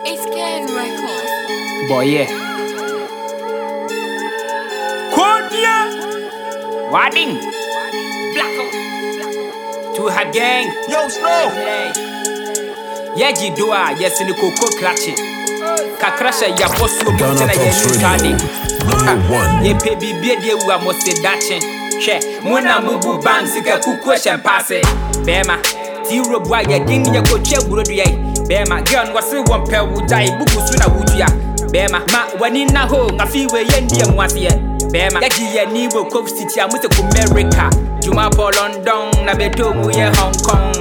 SKN Records. Boye. Kodia. Ya. Wading. Blacko. Two hot gang. Yo, Snow, Yaji dua yes ni koko klache. Kakrasha ya bosu mo tena ye tani. Ye pe bibie die wu amose dache. Hwe, mo na mo bu bang sika kuku hwe mpase. Bema. Ti robua ye ya, ding ye ya, ko burodu ye. bɛɛma gɛn wɔse wɔn pɛ wo buku so na wodua bɛɛma ma w'ani na ho nga fii wei yɛndiɛ mu aseɛ bɛɛma yɛgye yɛni wɔ cove city a mosɛ comerica dwuma bɔ london na bɛdɔ mu yɛ hong kong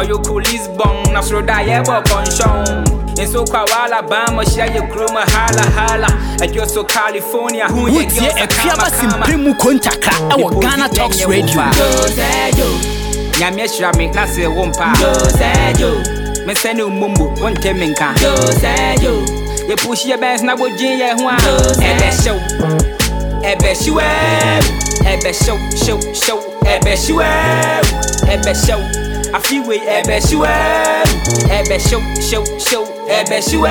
ɔyoko lisbon na soro da yɛbɔ kɔnhyɔn nso kwa wa alabama hyia yɛ kurom halahala ɛdwo so california ho yɛ wotie akuaba simpere mu kontakra ɛwɔ e ghana talks radio nyameɛ hyira me na se wo mpa Me send you mumbo, one ten minka. Yo, say yo. You push your bands na bojin ye hwa. Ebe show, ebe show, ebe show, show, show, ebe show, ebe show. I feel way ebe show, ebe show, show, show, ebe show.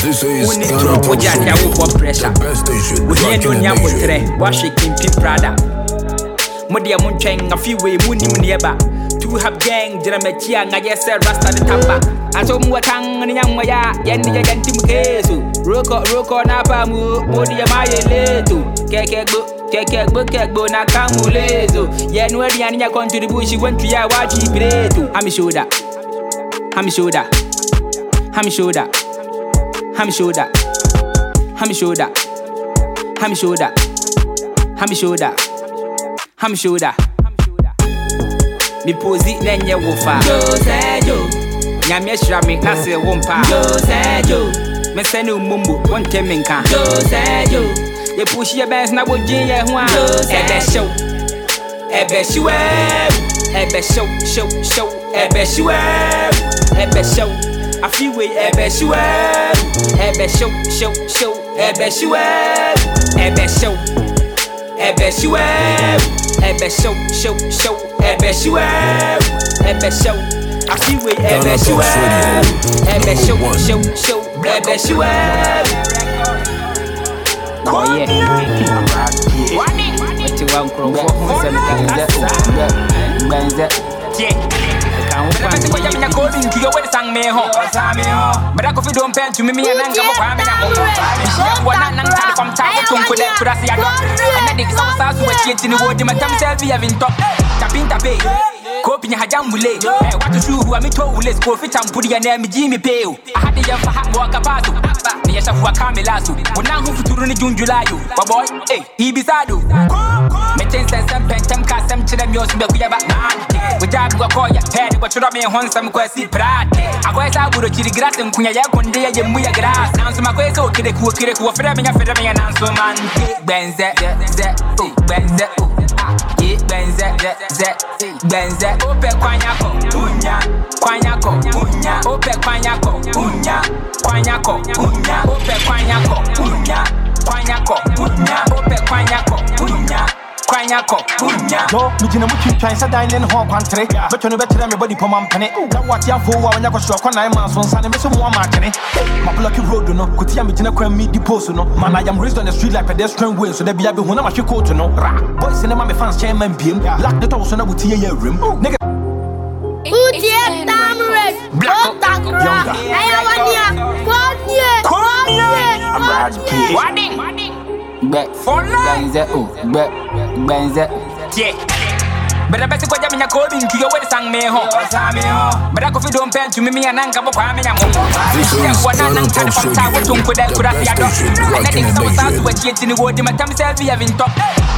This is Uni Ghana Talk Show. The best station back in the nation. Wash it in Prada. Mo deɛ mo ntwɛn afi wei mu nim neɛ ba you have gang jira me chia nga yes rasta the tapa aso mu tang ni nyam ya yendi ya yanti roko roko na mu modi ya maye letu keke gbo keke gbo keke gbo na kamu lezo yenu eri ani ya contribution wentu ya waji bretu shoda ami shoda ami shoda ami shoda ami shoda ami shoda ami shoda ami shoda mipozi na nyɛ wo fa nyame ahyira me na sɛ wo mpa mesɛ ne mmumu wonte me nka yɛpuhyi yɛbɛn so na wogyen yɛ ho a ɛbɛhyew ɛbɛhyew ɛbɛhyew hyew hyew ɛbɛhyew ɛbɛhyew afiwei ɛbɛhyew ɛbɛhyew hyew hyew ɛbɛhyew ɛbɛhyew ẹ̀bẹ̀ ṣíwẹ́ ẹ̀bẹ̀ ṣó ṣó ṣó ẹ̀bẹ̀ ṣíwẹ́ ẹ̀bẹ̀ ṣó àfiwé ẹ̀bẹ̀ ṣíwẹ́ ẹ̀bẹ̀ show. ṣó ṣó ẹ̀bẹ̀ ṣíwẹ́. Kọ́yẹ ọtí wa nkurọ̀fọ́ fún sẹ́mi kan gbẹ want? gbẹ. I'm yami na kodi nkiyo wedi sang Go eh, eh, in a jambule. Hey, what to shoot who I mean to fit and put your name Jimmy Pale. I had the young for hot walk about. Niyasha who I come last. When I'm who to boy, hey, he be sad. Metin says some pentam castam to them yours in We jab go call your head, but you don't mean one some prat. I was out with a chili grass and Kunya Kunde and grass. Answer my question, okay, the cool kid who are framing a framing and man. Benz that, that, that, oh, ope kwanyako unya kwanyako unya ope kwanyako unya kwanyako unya ope kwanyako unya kwanyako unya ope kwanyako unya kwanya kɔ bunya yo megyina mu twitwan no me road no post no man i am raised on the street like pedestrian so coat no boys fans so na nigga Tamres, back benze menya kɔɔ bi wode san me ho bɛda kɔfi dom pɛ ntumi meyɛ na nka bɔkwaa menya momoyɛkoɔ na nanka ne fɔmsa woto nkoda akura fiadɔ ɛnɛ de sɛ wo saa so wakyie ne wɔdi matam sɛ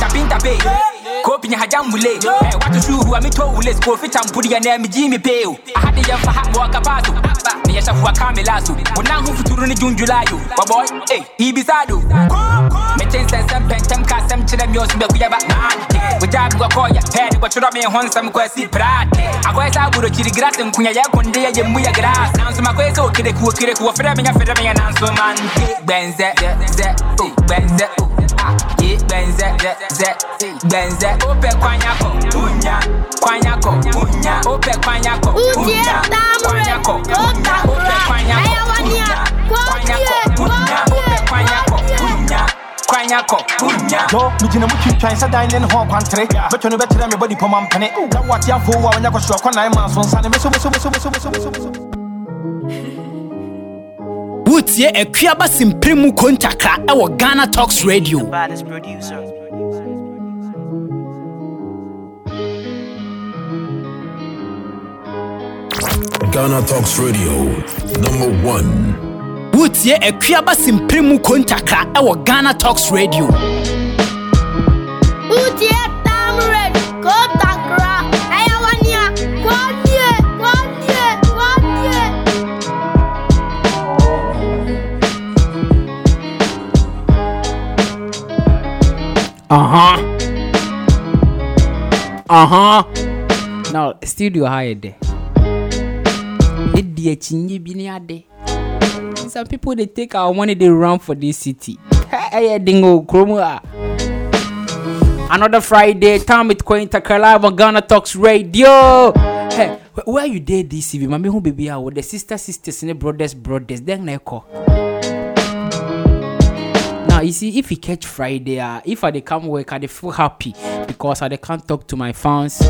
tapintape Coping Hajamule, eh, what to shoot, I mean, told let's go fit and put your name Jimmy Pale. I had the young for Hakabato, the Yashafua Kamilasu, Munang Futuruni June July. My boy, eh, Ibisado. Metin says some pentam castam chilem yours milk yaba. We jab go call your head, but you don't mean one some quasi prat. I was out with a chili grass and Kunya Kunde and Muya grass. Answer my quest, okay, the cook, the cook, Framing, Framing, and Answer Man. Benze, Benze, oh, Benze, oh. Benze ye benze ze ze benze ope kwanyako unya kwanyako unya ope kwanyako unya kwanyako unya ope kwanyako unya kwanyako unya ope kwanyako unya kwanya kɔ yo megyina mu twintwan sɛ dan ne ne ho kwantere bɛtwa no bɛkyerɛ wotie akuaba simpere mu kontakra ɛwɔ ghana talks radio Ghana Talks Radio, number one. Wotie Ekuaba Simpirimu Kontakra, our Ghana Talks Radio. Uh huh. Uh huh. Now, studio hide. Some people they take our money, they run for this city. Hey, dingo, chroma. Another Friday, time with Queen Takala on Ghana Talks Radio. Hey, where you did this? If you baby, I the sister, sisters, and the brothers, brothers, then I call. now you see if he catch friday uh, if i they come work i they feel happy because i they can't talk to my fans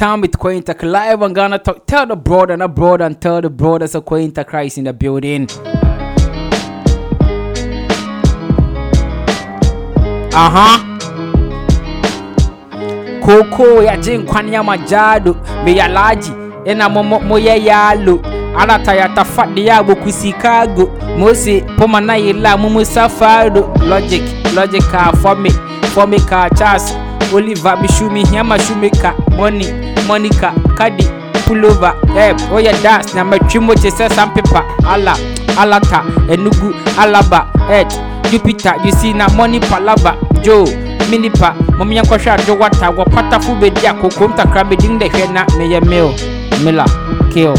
time with Quintac live i on Ghana Talk. Tell the brother and abroad and tell the brothers of Quintac Christ in the building. Uh huh. Koko ya jin kwanya majado me ya laji ena mo mo ya look. ya ya alatayatafadiyago kwisikago mose pomanayela mumusafaro logic logic ka fome fome ka chas oliver mishumi hiamashumi ka Money, monica kadi pulova ep eh, oya das namatwimo kye sɛ sampepa ala alata enugu alaba et eh, jupiter na Money palava joe minipa mɔmiyɛ nkɔhwɛ adwo wata wɔ patafo bedi akoko ntakra bedin dɛ hwɛ na meyɛ mil mila kale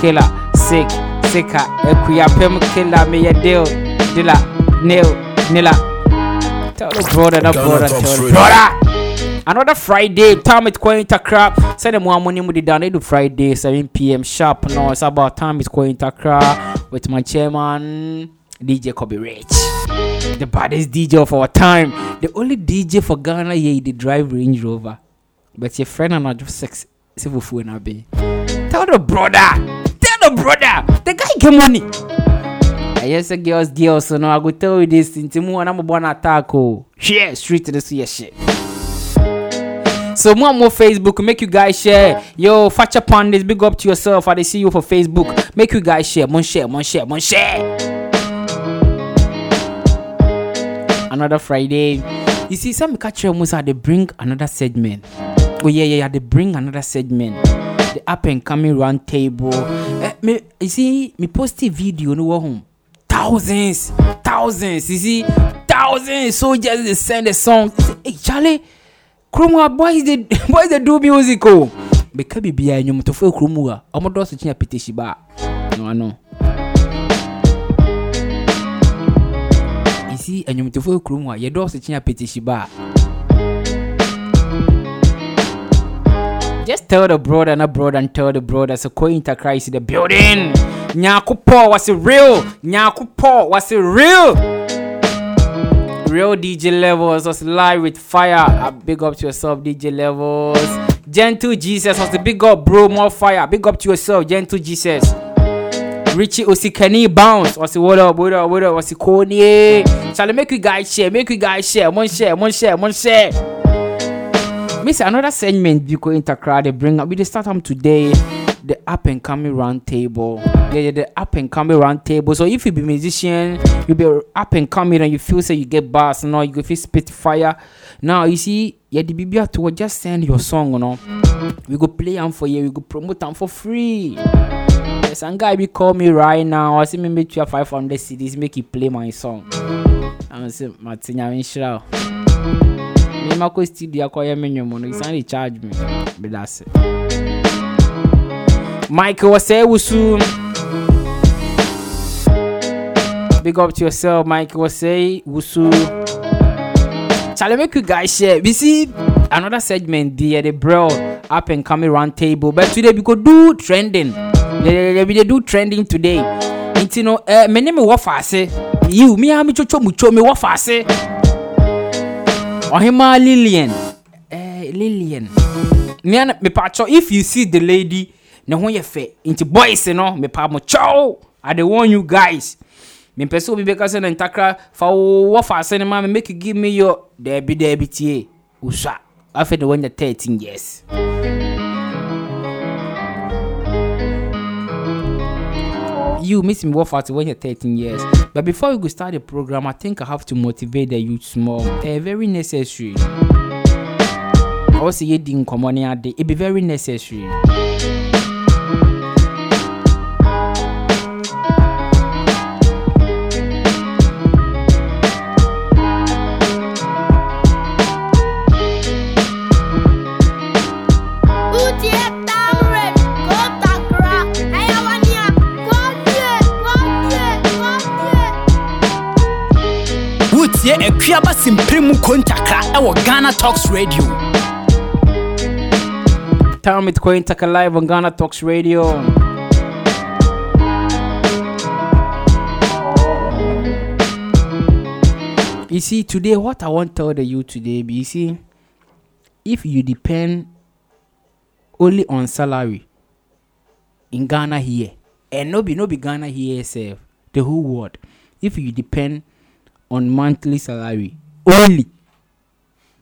killer, sick, sicker, ekuyapem killer, me a deal, dilla, nail, nilla. Tell the brother, that brother, tell the brother. Another Friday, time it's going to crap. Send them one morning with the down. They do Friday, 7 p.m. sharp. No, it's about time it's going to crap with my chairman, DJ Kobe Rich the baddest DJ of our time. The only DJ for Ghana, yeah, the drive Range Rover. But your friend and I just sex civil food and I be. Tell the brother brother. The guy get money. I yes, girls, girls. So now I go tell you this. Intimu, I'm to attack. Oh, share street to this yes shit. So more and more Facebook, make you guys share. Yo, Fatcha Pandits, big up to yourself. I see you for Facebook. Make you guys share, mon share, mon share, mon share. Another Friday. You see, some catcher almost had ah, they bring another segment. Oh yeah, yeah, yeah, they bring another segment. The up and coming round table. me you see me posti video no wɔ ho thousands thousands you see thousands soldiers dey send a song hey chale kurom ha boys dey boys dey do music o oh. bɛka biribiaa nnwomtofo kurom a ɔmo dɔɔso kye apetehyi ba a no ano you see nnwomtofo kurom a yɛdɔɔso kye apetehyi ba a just tell the brother and a brother and tell the brother so Kointa Christ in the building. Nyakupo was it real? Nyakupo was it real? Real DJ Levels was live with fire. big up to yourself, DJ Levels. Gentle Jesus was the big up, bro. More fire. Big up to yourself, Gentle Jesus. Richie Osikani bounce. What's the what up, what up, what up? What's the Kanye? Shall I make you guys share? Make you guys share. One share, one share, one share. miss another segment Biko Intercra they bring up. We just start them today. The up and coming round table. Yeah, yeah, the up and coming round table. So if you be musician, you be up and coming and you feel say you get bars, you know, you feel spit fire. Now you see, yeah, the BBR to just send your song, you know. We go play them for you, we go promote them for free. Some guy be call me right now. I say me make you five 500 CDs, make you play my song. I'm say Martin, I'm in sɛ makɔ studio akɔyɛ me nwom no ɛsiane de charge me meda se mike wɔsɛe wo su big up to yourself mike wɔsɛe wo su Charlie, make you guys share. We see another segment there, the bro up and coming round table. But today we go do trending. We dey do trending today. Nti no, eh, me ne me wɔ faase. Yiw, mi a mi twotwo mu two, mi wɔ faase ɔhemaa lilian eh, lilian nea mepakyɛ if you see the lady ne ho yɛ fɛ nti boys no mepa mo kyɛw dey warn you guys mepɛ sɛ obi bɛka sɛ ne ntakra fa wowɔ fa ase no ma me make you give me your daabi daabi tie wosua afei de wanya thirteen years you miss me work out when you're 13 years but before we go start the program i think i have to motivate the youth small uh, very necessary also you didn't come on here it be very necessary hwɛ aba simpire mu kontakra ɛwɔ ghana talks radio time with Kointaka live on ghana talks radio You see, today, what I want to tell you today, you see, if you depend only on salary in Ghana here, and no be no be Ghana here itself, the whole world. If you depend on monthly salary only,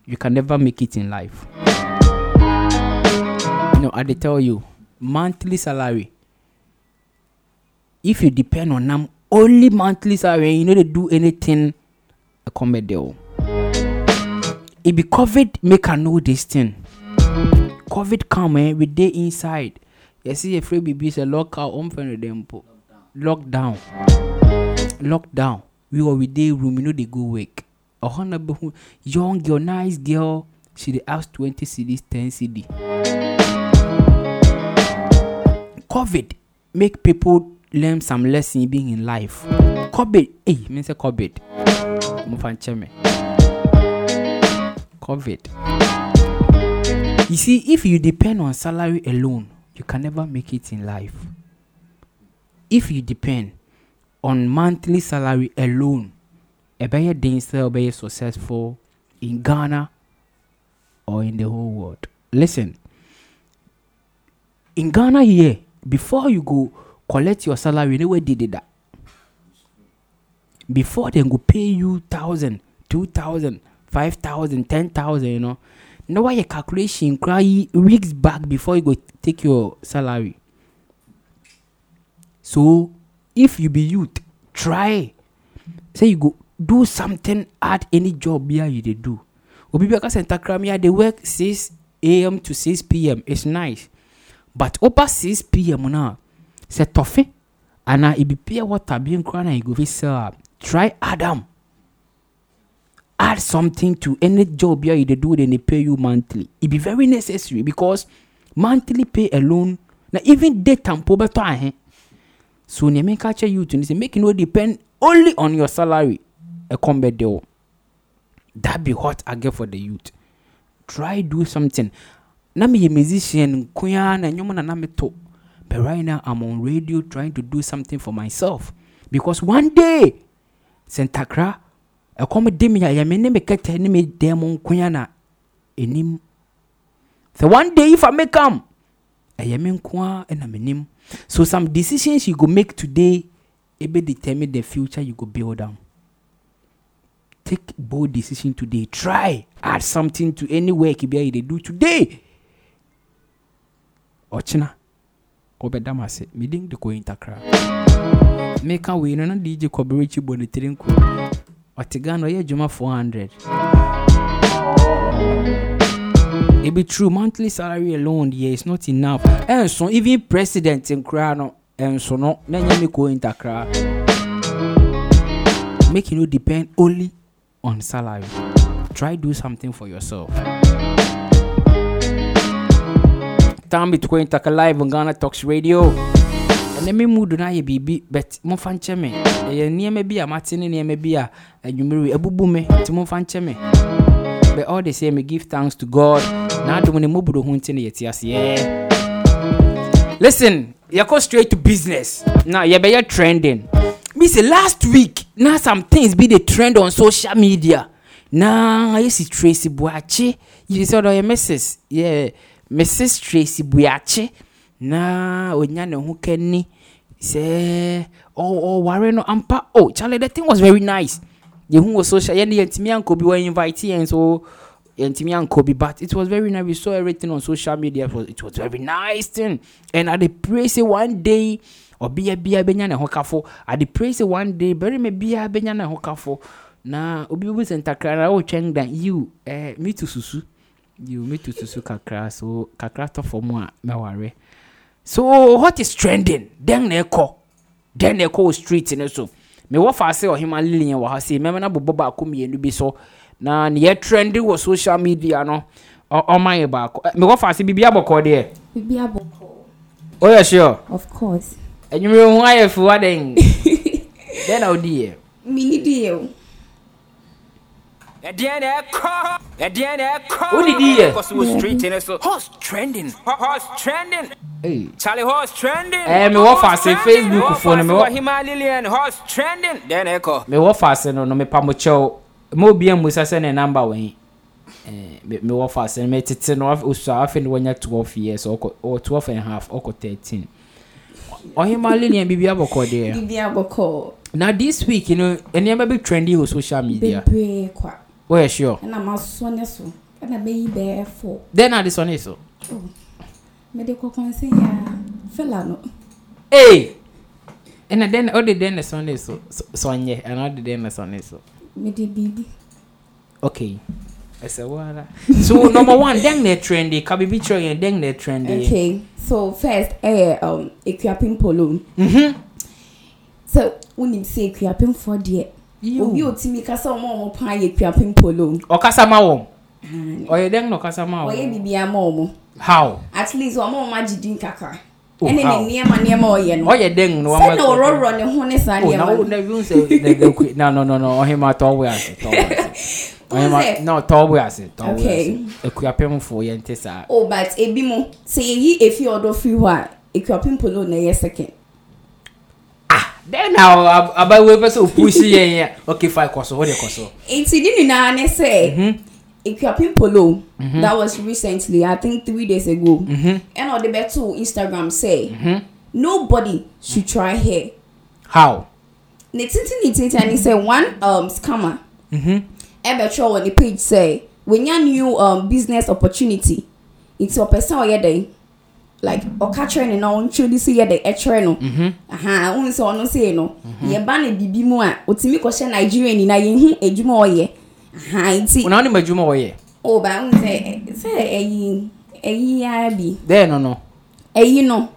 you can never make it in life. No, know, I tell you, monthly salary. If you depend on them only monthly salary, you know they do anything a comedy deal. It e be COVID make I know this thing. COVID come eh, we day inside. You see a free baby say lockout on for them lockdown. Lockdown. lockdown we were with day room, you know they go work. A hundred young girl, nice girl. She they ask 20 CDs, ten CD. COVID make people learn some lesson being in life. COVID, eh, hey, mean say COVID. me. COVID. You see, if you depend on salary alone, you can never make it in life. If you depend on monthly salary alone a didn't den a buyer successful in ghana or in the whole world listen in ghana here before you go collect your salary ne did it that before they go pay you thousand two thousand five thousand ten thousand you know why wayɛ calculation cry weeks back before you go take your salary so if you be youth try say you go do something at any job bia you dey do obi bi aka sɛ ntakramia dey work 6 am to 6 pm It's nice but over 6 pm na sɛ tɔfe ana ebi pia water bi nkora na you go fit sell am try Adam add something to any job bia you dey do then dey pay you monthly It be very necessary because monthly pay alone na even day tampo bɛtɔ ahen so nea meka kyɛ youth no sɛ make no depend only on your salary ɛkɔm bɛde wo that be what i get for the youth try do something na meyɛ musician nkoaa na ɛnwom na na meto but right now i'm on radio trying to do something for myself because one day sentakra ɛkɔm de me a yɛme ne me kɛtɛ ne me dɛn mo nkoa na ɛnim sɛ one day if i make am ɛyɛ me nkoa ɛna menim So some decisions you go make today, it e may determine the future you go build on. Take bold decision today. Try add something to any work you they do today. Ochina, obedamase, meeting the cointakra. Make a win on DJ Koberichi Bonitirin Ɔte Ghana juma adwuma 400 it be true monthly salary alone yeah it's not enough And eh, so even president nkura no ɛnso eh, no na nyɛ go into kra, making you depend only on salary try do something for yourself. Time between Taka Live on Ghana Talks Radio. ɛnɛ me mu do no ayɛ biribi but momfa nkyɛ me ɛyɛ eh, nneɛma bi a mate ne nneɛma bi a adwummere abubu me nti momfa nkyɛ me but all the same give thanks to god n'adom ne mmɔborɔ ho nti ne yɛte aseɛ listen yɛkɔ straight to business na yɛbɛyɛ trending bi sɛ last week na some things bi dey trend on social media na yɛsi tracy buakye yiri sɛ ɔdɔ yɛ mrs yɛ mrs tracy buakye na onya ne ho kani sɛ ɔware no ampa oh charlie the thing was very nice yɛhu wɔ social yɛne yɛntumi ankɔ bi wɔ invite yɛn so Yentimi and Kobe, but it was very nice. We saw everything on social media. It was, it was very nice thing. And I pray say one day or be a be a benya na hokafo. I pray say one day bury me be a benya na hokafo. Na obi obi sentakra na o oh, cheng dan you eh me to susu. You me to susu kakra so kakra to for mu a me So what is trending? Then na ekọ. Then na streets in ne so. Me wa fa se o ohima lilian wa ha se. me na bobo ba ko mienu bi so na neɛ trendy wɔ social media no ɔma yɛ baako mekɔ fa ase biribi abɔkɔ deɛ biribi abɔkɔ woyɛ oh, sure of course anwummerɛ ho ayɛ fi wa dɛn dɛn na wodi yɛ mini di yɛ o ɛdeɛ na ɛkɔ ɛdeɛ so horse trending horse trending Hey. Charlie Horse trending. Eh, me wɔ faase Facebook fo no me wɔ. Wahima Lilian Horse trending. Dɛn na Me wɔ faase no no me pamokyɛw mo bia mu sɛ ne number wɔn eh, me wɔ fa sɛ me tete no osua afe no wɔnya 12 years ɔkɔ ɔ 12 and half ɔkɔ thirteen. ɔhema linea bibi abɔkɔ deɛ bibi abɔkɔ na this week you know nneɛma bi trendy wɔ social media bebree kwa wɔyɛ sure ɛna ma so ne so ɛna bɛyi bɛɛ fo then na de sɔ ne so oh, mede kɔkɔ nsɛ yɛ fela no ee ɛna den ɔde den ne sɔ ne so sɔnyɛ ɛna ɔde den ne sɔ ne so. so mede biribi okay ɛsɛ wo ara so number one dɛn na ɛtrendy ka biribi kyerɛ yɛn dɛn na ɛtrendy okay so first ɛyɛ um, ekuapem polo mm-hmm. so wonim sɛ ekuapemfoɔ deɛ obi otimi kasa ɔmo ɔmo pan yɛ ekuapem polo ɔkasa ma wɔm mm. ɔyɛ dɛn na ɔkasa ma wɔm ɔyɛ biribi ama ɔmo how at least ɔmo ɔmo agye din kakra ɛne ne nneɛma nneɛma ɔyɛ no ɔyɛ dɛn no sɛna ɔrɔrɔ ne ho ne saa nneɛma no no no no ɔhema tɔwe ase tɔwe ase ɔhema no tɔwe ase tɔwe ase akuapemfoɔ yɛn te saa o oh, but ebi mo sɛ yɛyi efi ɔdɔ firi hɔ a akuapempo no na ɛyɛ second ah, then na abayewa pɛ sɛ opusi yɛn yɛ okay fine kɔ so o de kɔ so. nti ne nyinaa ne sɛ. Ethiopian Polo mm-hmm. that was recently, I think three days ago, mm-hmm. and on the Instagram say mm-hmm. nobody should try hair. How? Nititi nititi and he said one um scammer. Mm-hmm. Ebetro on the page say when you new um business opportunity, it's your person or your like ɔka kyerɛ ne na ɔntwerɛ de si yɛ de ɛkyerɛ no aha ohun sɛ ɔno sei no yɛba ne bibi mu a otumi kɔhyɛ nigeria nyinaa yɛn ho adwuma ɔyɛ nti wọn ni mo adwuma wɔyɛ. o ba n sɛ sɛ ɛyi ɛyi ya bi. bɛɛ nɔ nɔ. ɛyi nɔ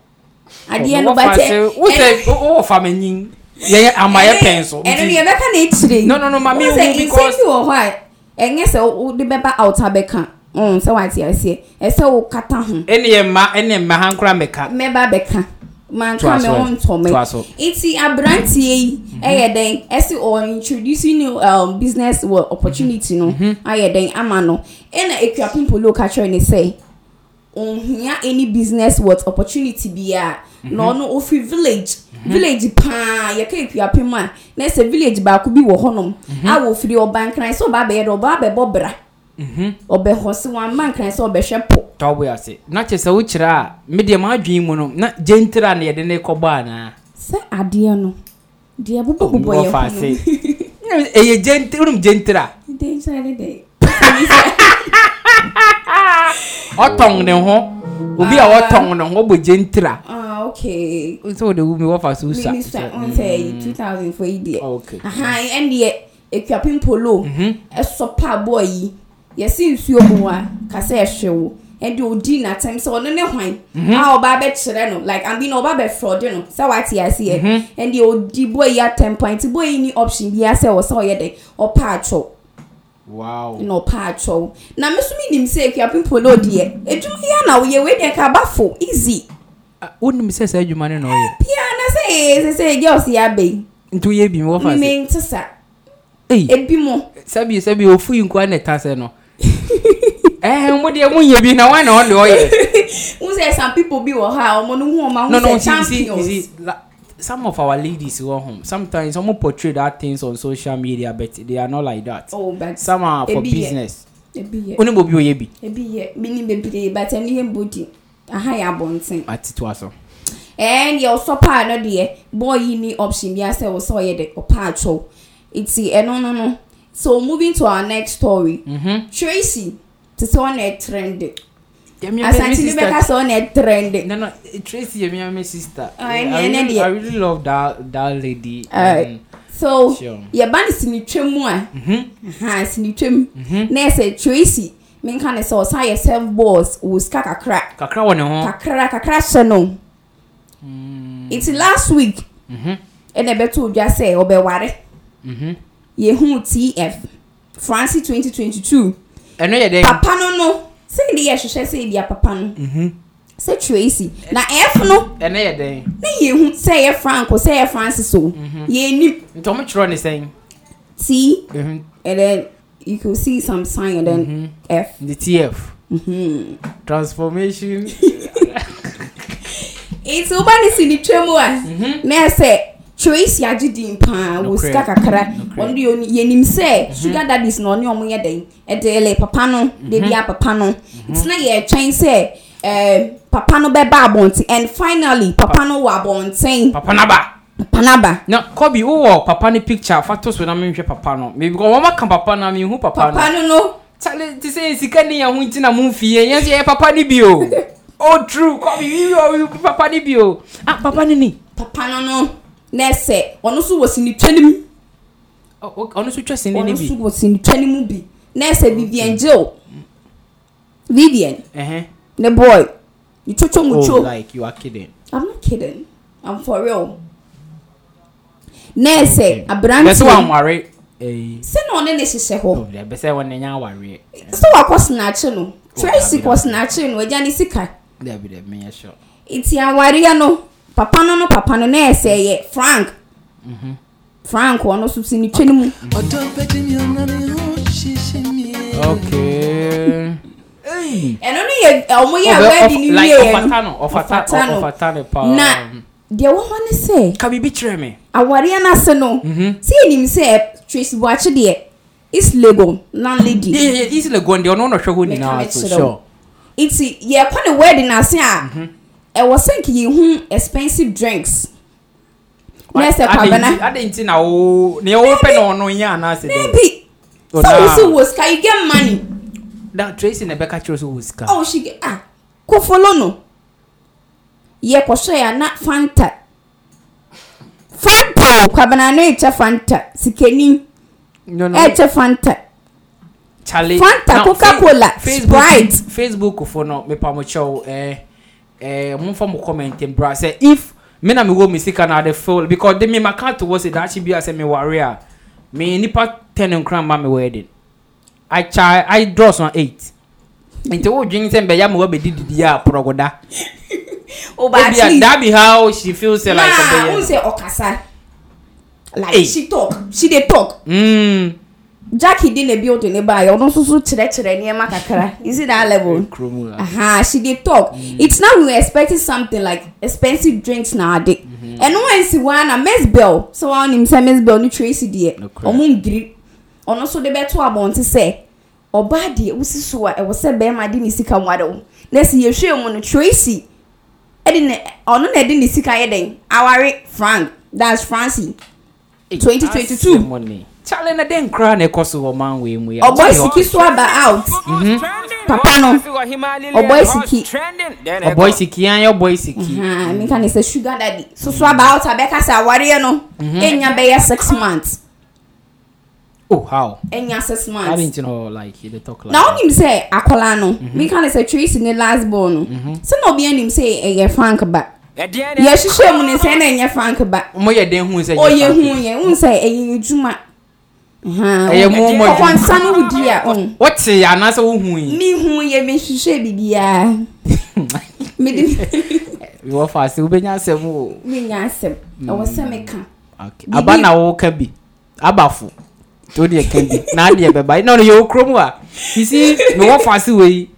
adeɛ no ba tɛ. wosɛ wɔ fama nyin yɛyɛ amayɛ pɛn so. ɛnu yɛ bɛka na etire. no no no maami ewu because o nse bi wɔ hɔ a ɛnyɛ sɛ wode bɛba awuta bɛka sɛ wate aseɛ ɛsɛ wo kata ho. ɛni yɛ mma ɛni yɛ mma ha nkora mɛka. mɛba bɛka. Man, manka me ho ntɔme nti aberanteɛ yi yɛ dɛn ɛsi ɔ introducing new um, business wɔ opportunity no mm-hmm. ayɛ ah, dɛn ama ah, no ɛna ekua pimpolo ka kyerɛ ne sɛ ohia any business what opportunity bia mm-hmm. mm-hmm. na ɔno ofi village village paa yɛka ekua pim a na ɛsɛ village baako bi wɔ hɔnom a wofiri ɔbankran sɛ ɔba abɛyɛ dɛ ɔba abɛbɔ bra ɔbɛhɔ mm-hmm. se wɔn ama nkran sɛ ɔbɛhwɛ po. tɔɔbo ase na kyerɛ sɛ wokyerɛ a me deɛ maa dwi mu no na gyentira na yɛde ne kɔbɔ anaa. sɛ adeɛ no deɛ bubɔ oh, bubɔ yɛ ho no ɛyɛ gyentira onum gyentira. gyentira ne de. ɔtɔn ne ho obi a ɔtɔn ne ho ɔbɔ gyentira. Ah, ah, okay. nso wo de wu mi wɔfa so sa. minista ɔnsɛ mm. two thousand for yi deɛ. Ah, okay. ahan ɛn deɛ ekuapin polo. Mm-hmm. ɛsɔ paabo yi yɛsi nsuo mu a kasa ɛhwɛ wo ɛde odi n'atam sɛ ɔno ne hwan mhm. a ɔba abɛkyerɛ no like ambi na ɔba abɛfrɔde no sɛ wate aseɛ ɛde odi boy yi atam point boy yi ni option bi asɛ wɔ sɛ ɔyɛ dɛ ɔpa atwɔ wow na ɔpa atwɔ na mɛ sumi nim sɛ ekua pimpo na odiɛ edwuma yi a na oyɛ wei deɛ kaba fo easy. wonim sɛ saa adwuma no na ɔyɛ. pia na sɛ ee sɛ sɛ girls yɛ abɛ yi. nti woyɛ bi mi wɔfa se. mi nti sa. ebi mo. sɛbi sɛbi ofu yi nkwa na ɛta sɛ no ɛɛ eh, mo deɛ mo yɛ bi na wa na ɔde ɔyɛ. n sɛ some people bi wɔ ha ɔmo no hu ɔmo ahun sɛ champions. See, see, some of our ladies wɔ home sometimes ɔmo portray that things on social media but they are not like that. Oh, but some are for business. ebi yɛ onímọ̀ bi oyè bi. ebi yɛ mi ni bebree but ɛni yɛ mbodi aha yɛ abɔnten. ati to aso. ɛɛ deɛ ɔsɔ paa no deɛ bɔɔl yi ni option bi asɛ ɔsɛ ɔyɛ de ɔpaa atwɛw eti ɛno no no. no so moving to our next story mm -hmm. tracy ti trend. ɔna ɛtrɛnde asante ne bɛka sɛ ɔna trend. no no eh, tracy yɛ mi ame sista ah, i really i really love that that lady. Uh, um, so yɛba ne sinitwa mu a sinitwa mu na ɛsɛ tracy menka ne sɛ ɔsan yɛ self boss. wɔ sika kakra kakra wɔ ne ho kakra kakra hyɛ no nti mm. last week ɛna ɛbɛto odwa sɛ ɔbɛware yehu tf france twenty twenty two. ɛnu yɛ dɛ. papa no no sɛn de yɛ hyehyɛ sɛn de yɛ papa no. Mm tracy na f no. ɛnu yɛ dɛ. ne yehu sɛ yɛ franco sɛ yɛ francis o. Mhm. yɛ nim. ntɔmu twerɛ ne sɛn. t ɛdɛ mm -hmm. you can see some sign and then mhm. f. the tf. Mm transformation. nti o ba ne si ni twɛ mu a. Mhm. na tracy agyedin paa wɔ sika kakra ɔno deɛ ɔni yɛnim sɛ mhm. sugar daddies na ɔne ɔmo yɛ dɛn ɛde ɛlɛ papa no mhm. beebi a papa no mhm. ntina yɛtwɛn sɛ ɛɛ eh, papa no bɛba abɔnten and finally papa no wɔ abɔnten. papa naba papa naba. na kobi wowɔ papa ni picture fa so na mi nhwɛ papa no maybe wɔn aka papa na mi hu papa no. papa no no. kyale ti sɛ sika ni yɛn ho nti na mo fi yɛn yɛn sɛ yɛ papa ni bi o o true kobi wi wi papa ni bi o ah papa ni ni. papa no no na ɛsɛ ɔno nso wɔ sinitwa no mu ɔno nso twa sini ne bi ɔno nso wɔ sinitwa no mu bi na vivian jill mm. vivian ne boy ne twotwo mu two oh like you are kidding i'm not kidding i'm for real na ɛsɛ aberante yɛsɛ wɔn nware eh, sɛnɛ ɔne ne hyehyɛ hɔ oh, bɛsɛ wɔn n'anya awareɛ sɛ wakɔ sinakye no oh, tracy kɔ sinakye no agya ne sika nti awareɛ no papa no no papa no na ɛsɛ yɛ frank mhm. frank ɔno so si ne twɛ ne mu. okay. ɛno no yɛ ɔmo yɛ awɛdi ni wiye no ɔfata no na deɛ wɔ hɔ ne sɛ. ka biribi kyerɛ mi. awareɛ n'ase no. Mhm. sɛ enim sɛ tracy buakye deɛ east legon landlady. east legon deɛ ɔno na ɔhwɛ hɔ nyinaa so sure. nti yɛ kɔ ne wɛdi n'ase a. Mhm ɛwɔ sɛ nka yɛhu expensive drinks na ɛsɛ kwabena ade nti na wo na yɛwɔ pɛ na ɔno nyɛ anaasɛ dɛ maybe sɛ wo so wɔ sika you get money that tracy na ɛbɛka kyerɛ so wɔ sika oh she get ah kofolo no yɛ kɔsɔ yɛ ana fanta fanta kwabena no ɛkyɛ fanta sikani no no ɛkyɛ fanta Charlie, fanta coca cola sprite facebook fo no mepamokyɛw ɛɛ. Eh eh, momfa mo comment mbra sɛ if me na mewɔ me sika na ade feel because de me maka to wɔ sɛ daakye bia sɛ meware a ah. me nipa ten nkran ma me wedding i chai i draw some eight nti wo dwen sɛ mbɛya ma wabɛdi didi a prɔgoda obi a that be how she feel eh, say like ɔbɛyɛ. na n sɛ ɔkasa like hey. she talk she dey talk. Mm. Jackie did a build in a buy, or also treachery near Makakara. Is it that level? Aha, she did talk. mm It's now we're expecting something like expensive drinks now. Mm-hmm. And once one, a Miss Bell, so on him, say Miss Bell, ni Tracy dear, or Moon Grip, or also the better one to say, or Baddy, who is so I was said, Bear, my dinner, sick and waddle. Let's see, you're sure on Tracy. ɛde ne ɔno na ɛde ne sika yɛ den aware frank that's francie twenty twenty two kyale na dɛn koraa na ɛkɔ so wɔ man wei mu yɛ ɔbɔ siki so aba out mm-hmm. papa no ɔbɔ siki ɔbɔ siki an yɛ ɔbɔ siki meka ne sɛ sugar daddy soso aba out abɛka sɛ awareɛ no ɛnya mm-hmm. bɛyɛ six months oh how Enya six months that means you know like you dey talk like na ɔnim sɛ akɔla no meka ne sɛ tracy ne last born no sɛ na obi anim sɛ ɛyɛ frank ba yɛhyehyɛ mu ne sɛ na ɛnyɛ frank ba ɔmo yɛ den hun sɛ ɛyɛ frank oyɛ hun yɛ hun sɛ ɛyɛ edwuma eh, ɛyɛ mu mɔ ju wo di a ɔn mm. wɔte anaasɛ wohu yi mi hu yɛ mi hwehwɛ bibiara mi di wɔ fa ase wobɛnya asɛm o menya asɛm mm. ɛwɔ sɛ meka aba na woka bi abafo nti wo deɛ ka bi na adeɛ bɛba na ɔno yɛwɔ kurom a isi mewɔ fa ase wei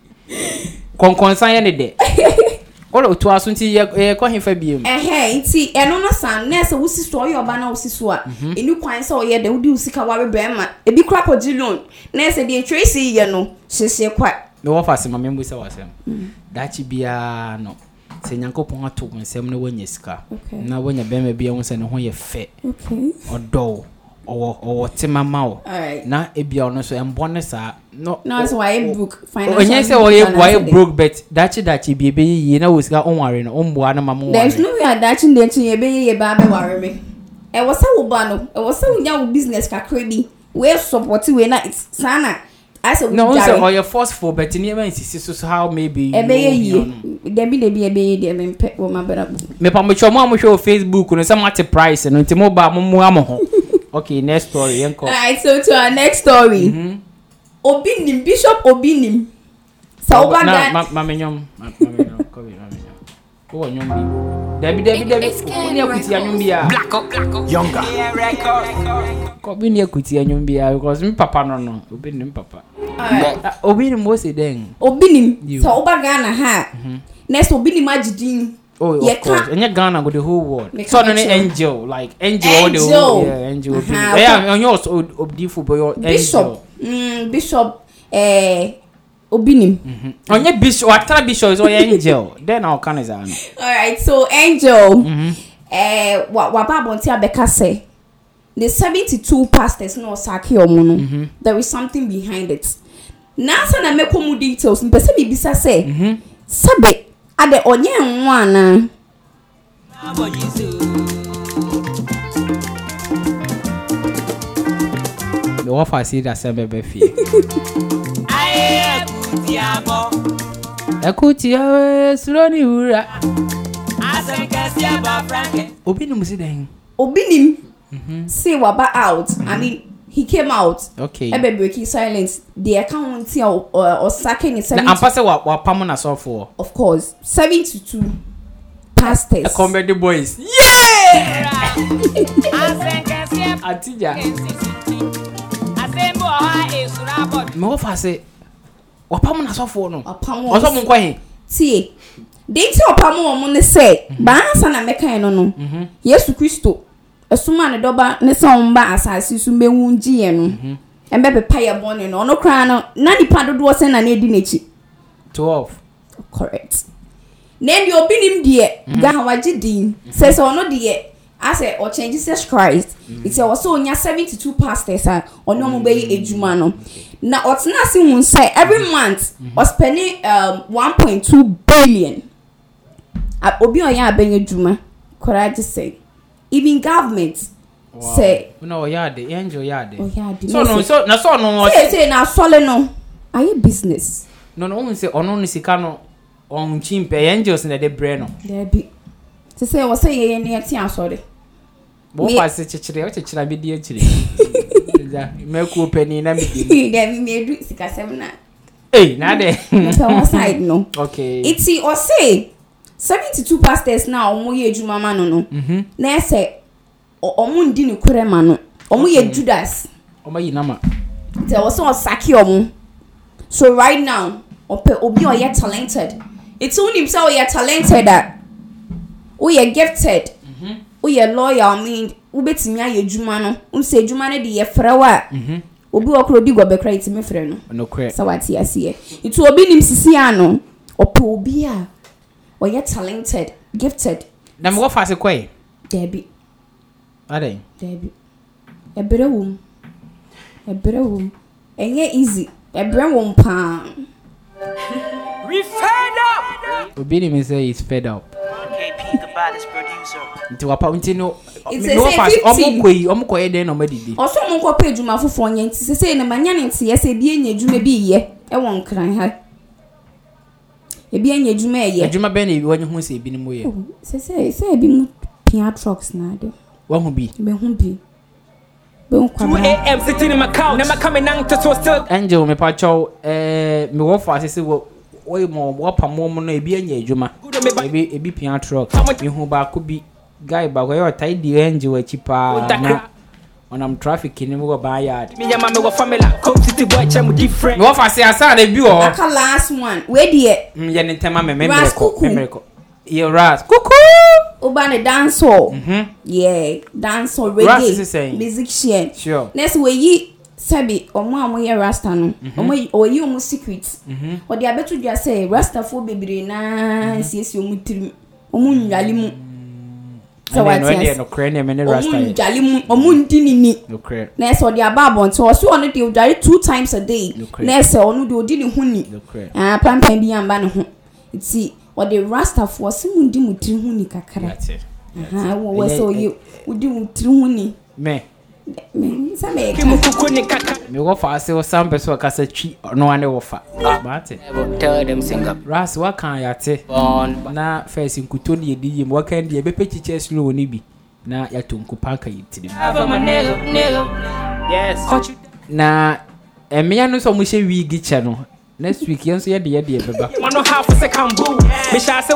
kɔnkɔnsa yɛ ne dɛ kɔlɔ otu aso nti yɛ yɛ kɔ hin fɛ bie mu. ɛhɛ nti ɛno no san nɛɛsɛ wosi so ɔyɛ ɔba na wosi so a ɛni mhm. kwan sɛ ɔyɛ dɛ wodi osika wa bɛbɛn ma ebi kura kɔ gyi loan nɛɛsɛ deɛ tracy yɛ no hyehyɛ kwa. na wɔfa asɛm amembu sɛ wasɛm mm. daakye biara no sɛ nyankopɔn ato wo nsɛm na woanya sika na woanya bɛrima bia ho sɛ ne ho yɛ fɛ ɔdɔ wo ɔwɔ ɔwɔ tema ma o na ebia ɔno nso ɛnbɔ ne saa. nɔɔso wayɛ brook financial onye sɛ ɔyɛ wayɛ brook bet dakye dakye bi ebe yie na wɔ sika ɔnware no ɔnboa no ma mo ware. there is no way a dakye dakye yɛ ebe yie ba bɛ ware mi ɛwɔ sɛ wo ba no ɛwɔ sɛ wo nya wo business kakra bi wee support wee na saa na asɛ wo jare. na o sɛ ɔyɛ forceful bet nneɛma nsisi so so how maybe. ɛbɛ yɛ yie dɛbi dɛbi ɛbɛ yɛ deɛ ɛbɛ mpɛ wɔn abɛrɛ bɔ. mepamutwa mu a mo hwɛ wɔ facebook no sɛ mo ate price no nti mo ba mo mu ama ho okay next story yẹn kọ. alright so to our next story. Mm mm-hmm. obi nim bishop obi nim. sa o oh, ba da. na maame nyom maame nyom kọbi maame nyom o wọ nyom bi dabi dabi dabi o ni ekuti anyom bi a. yonga. kọbi ni ekuti anyom bi a because mi papa no no. obi nim papa. Ah, obi nim o se den. obi nim sa o ba ha. Mm-hmm. next obi nim agyi Oh, of course. And your Ghana with the whole world. So no angel, like angel, angel. the whole yeah, angel. Uh-huh. Yeah, and yours of the football. Bishop, mm, Bishop, eh. Obinim. Mm-hmm. On oh, bishop, what kind bishop is your angel? Then I'll can is an. All right, so angel. Mm-hmm. Eh, wa wa ba bonti abeka say the seventy two pastors no saki omo no. Mm-hmm. There is something behind it. Now, so na make more details. Mpese bi bisa say. hmm Sabe adɛ onye nwa anaa. mɛ wɔfa ase da sɛ bɛbɛ fie. ayé ɛkú ti a bɔ. ɛkú ti a bɔ suro ni wura. asɛnkɛsí ɛbɔ frankɛ. obi nim si dɛ. obi nim. Mhm. say waba out i mean he came out. okay ẹbẹ breaking silence the account ti ọ sake ni seven. na ampase wa wa pamu na sọfọ. of course seven to two pastors. ẹ comedy boys. atija. mɛ wọ́n fa se wa pamu na sọfọ no ọsọ mu nkọ yẹn. tie de ti ọpamu wọn ne sẹ mhm. baasa na mẹka yẹn no no mhm. yesu kristo ɛsoma ne dɔba ne sɛ ɔmba asase so mbɛwu ngye yɛ no mhm. ɛmbɛpepa yɛ bɔne no ɔno koraa no na nipa dodoɔ sɛ na n'edi n'akyi. twelve. correct. na ebi obi nim deɛ. Mhm. gaha wagye din mhm. sɛ sɛ ɔno deɛ asɛ ɔkyɛn jesus christ nti ɛwɔ sɛ onya seventy two pastors a ɔne ɔmo bɛyɛ edwuma no na ɔtena ase wɔn nsa every month ɔspɛni um, one point two billion obi a ɔyɛ abɛn edwuma koraa gye sɛ even government. Wow. sɛ. na ɔyɛ ade so ɔno so na so ɔno. sèé sèé na asɔle no ayé business. no no ohun sɛ ɔno ne sika no ɔn nkyi mpɛ yɛn jɛ ɔsɛn ɛde brɛ no. dɛbi sisɛ wɔ sɛ yɛyɛ ne yɛte asɔre. bɔn kyekyere ɔkyekyere abi di akyire mɛkuo panyin na mi di. dɛbi mi edu sikasɛm na. ee na de. side no. okay. Iti ɔsè seventy two pastors mhm. na wɔn yɛ adwuma ma no no na ɛsɛ wɔn ndi ne korɛ ma no wɔn yɛ judas wɔn ayi nama nti ɛwɔ sɛ ɔsaki wɔn so right now ɔpɛ obi a ɔyɛ talented eti wunim sɛ ɔyɛ talented a woyɛ gifted woyɛ mhm. lawyer ɔmi wobɛtumi ayɛ adwuma no nso adwuma no de yɛ frɛw a mhm. obi wɔ koro di gɔbɛ kora mi frɛ no sɛ wate aseɛ nti obi nim sisi ano ɔpɛ obi a ɔyɛ talented gifted. na mewɔ faase kɔe. daabi. adai. daabi ɛbrɛ wɔ mu ɛbrɛ wɔ mu ɛnyɛ easy ɛbrɛ wɔ mu paa. we fed up. obi ni mi sɛ he is fed up. nti wapa nti no mewɔ faase ɔmo kɔ yi ɔmo kɔ yɛ dɛn na ɔmo adidi. ɔsɔ mo nkɔ pɛ edwuma foforɔ nyɛ nti sɛ sɛ ɛnam anya ne nti yɛ sɛ ebi enya edwuma bi yɛ ɛwɔ nkran ha ebi anya adwuma ɛyɛ adwuma bɛn na ebi wɔnye ho sɛ ebi mu yɛ oh, sɛ sɛ sɛ ebi mu pia trucks na ade wɔho bi bɛho bi am sitting in my couch. Never coming out to so still. Angel, me pacho, eh, me wo fa sisi wo wo mo wo pa mo mo na ebi anya adwuma. Ebi ebi pia trucks. Me hu ba ko bi guy ba ko yɛ ɔtai di angel akyi paa na ɔnam traffic ni mu wɔ ban yard. mi yamma mi wɔ famila coke city boy kyɛn mu different. mi wɔ fase asa de bi wɔ. aka last one wei deɛ. n yɛ ne ntɛm amɛ mɛmɛrɛ kɔ mɛmɛrɛ kɔ yɛ ras kuku. o ba ne dance hall. Mm-hmm. yɛ dance hall reggae musician. sure next sabi sẹbi a mo yẹ rasta no ọmọ mm-hmm. ọyẹ ọmọ secret ọdẹ mm-hmm. abẹtudwa sẹ rastafoɔ bebree naa siesie ọmọ tirim ọmọ nyali mu. Mm -hmm sɛ wateasɔmondwale ɔmondi ne ni na ɛsɛ ɔde aba abɔnten ɔse ɔno deɛ ɔdware two times a day na ɛsɛ ɔno deɛ ɔdi ne ho ni ah, pampan bi amba ne ho nti ɔde rastafoɔ se mundi mu tiri ho ni kakra wɔ sɛ ɔyɛ wodi mu tiri ho ni mewɔfa ase wɔ sam pɛ sɛ ɔkasa twi ɔnoa ne wɔfa ras woaka yɛate na fis nkuto no yɛdi yim wɔkan deɛ bɛpɛ kyikyɛ slow no bi na yɛato nkupa ka yɛ tirim na mmea eh, no sɛ ɔmohyɛ wiigi kyɛ no next week yɛn nso yɛde yɛdeɛ bɛba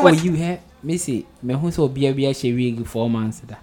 oyi hɛ mese mehu sɛ obia bi ahyɛ wiigi four months da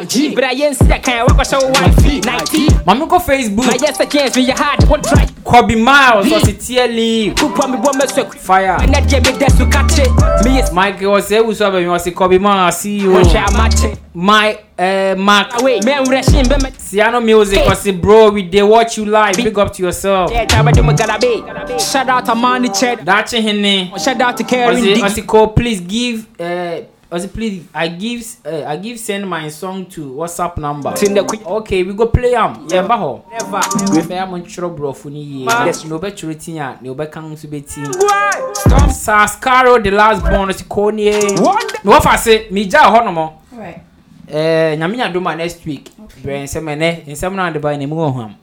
IG Brian Saka wako show wifi Nike Mamuko Facebook Mayesa chance me your heart what try Kobe Miles wasitieli Kupwa mi bwa meswe Fire Wena je me desu kache Me is Mike wase uswa be mi see Kobe I see you Wosha amache My uh, eh, Mark ah, Wait Me mreshi mbeme Siano Music I see, bro we they watch you live Big up to yourself Yeah tawa dumu galabe Shout out Amani That's Dache honey. Shout out to Kerry Wase please give uh, Also please, I give uh, I give send my song to WhatsApp number. Okay, we go play am. Yeah, ba ho. Never. We be am nchro bro funi ye. Yes, no be chro tin a, no be kan so be tin. Stop Sascaro the last born to Konie. What? No fa se mi ja ho no mo. Right. Eh, nyame nya do next week. Bren se me ne, nsem na de ba mu ho am.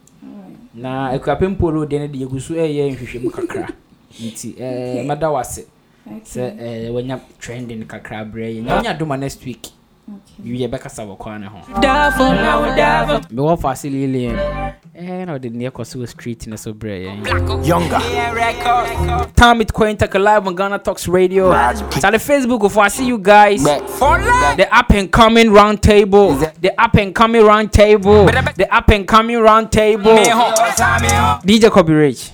Na ekwa pempolo de ne de yegusu eye eh, nhwehwe mu kakra. Nti eh, mada wase sɛ eh, wanya trending kakra berɛ yɛ nyɛ adoma next week yɛ bɛkasa wɔ kwan ne ho mewɔ faase lilian ɛna eh, ɔde neɛ kɔ so wɔ street no so berɛ yɛn time it cointaka live on ghana talks radio sade facebook for i see you guys the up and coming round table the up and coming round table the up and coming round table dj copy rich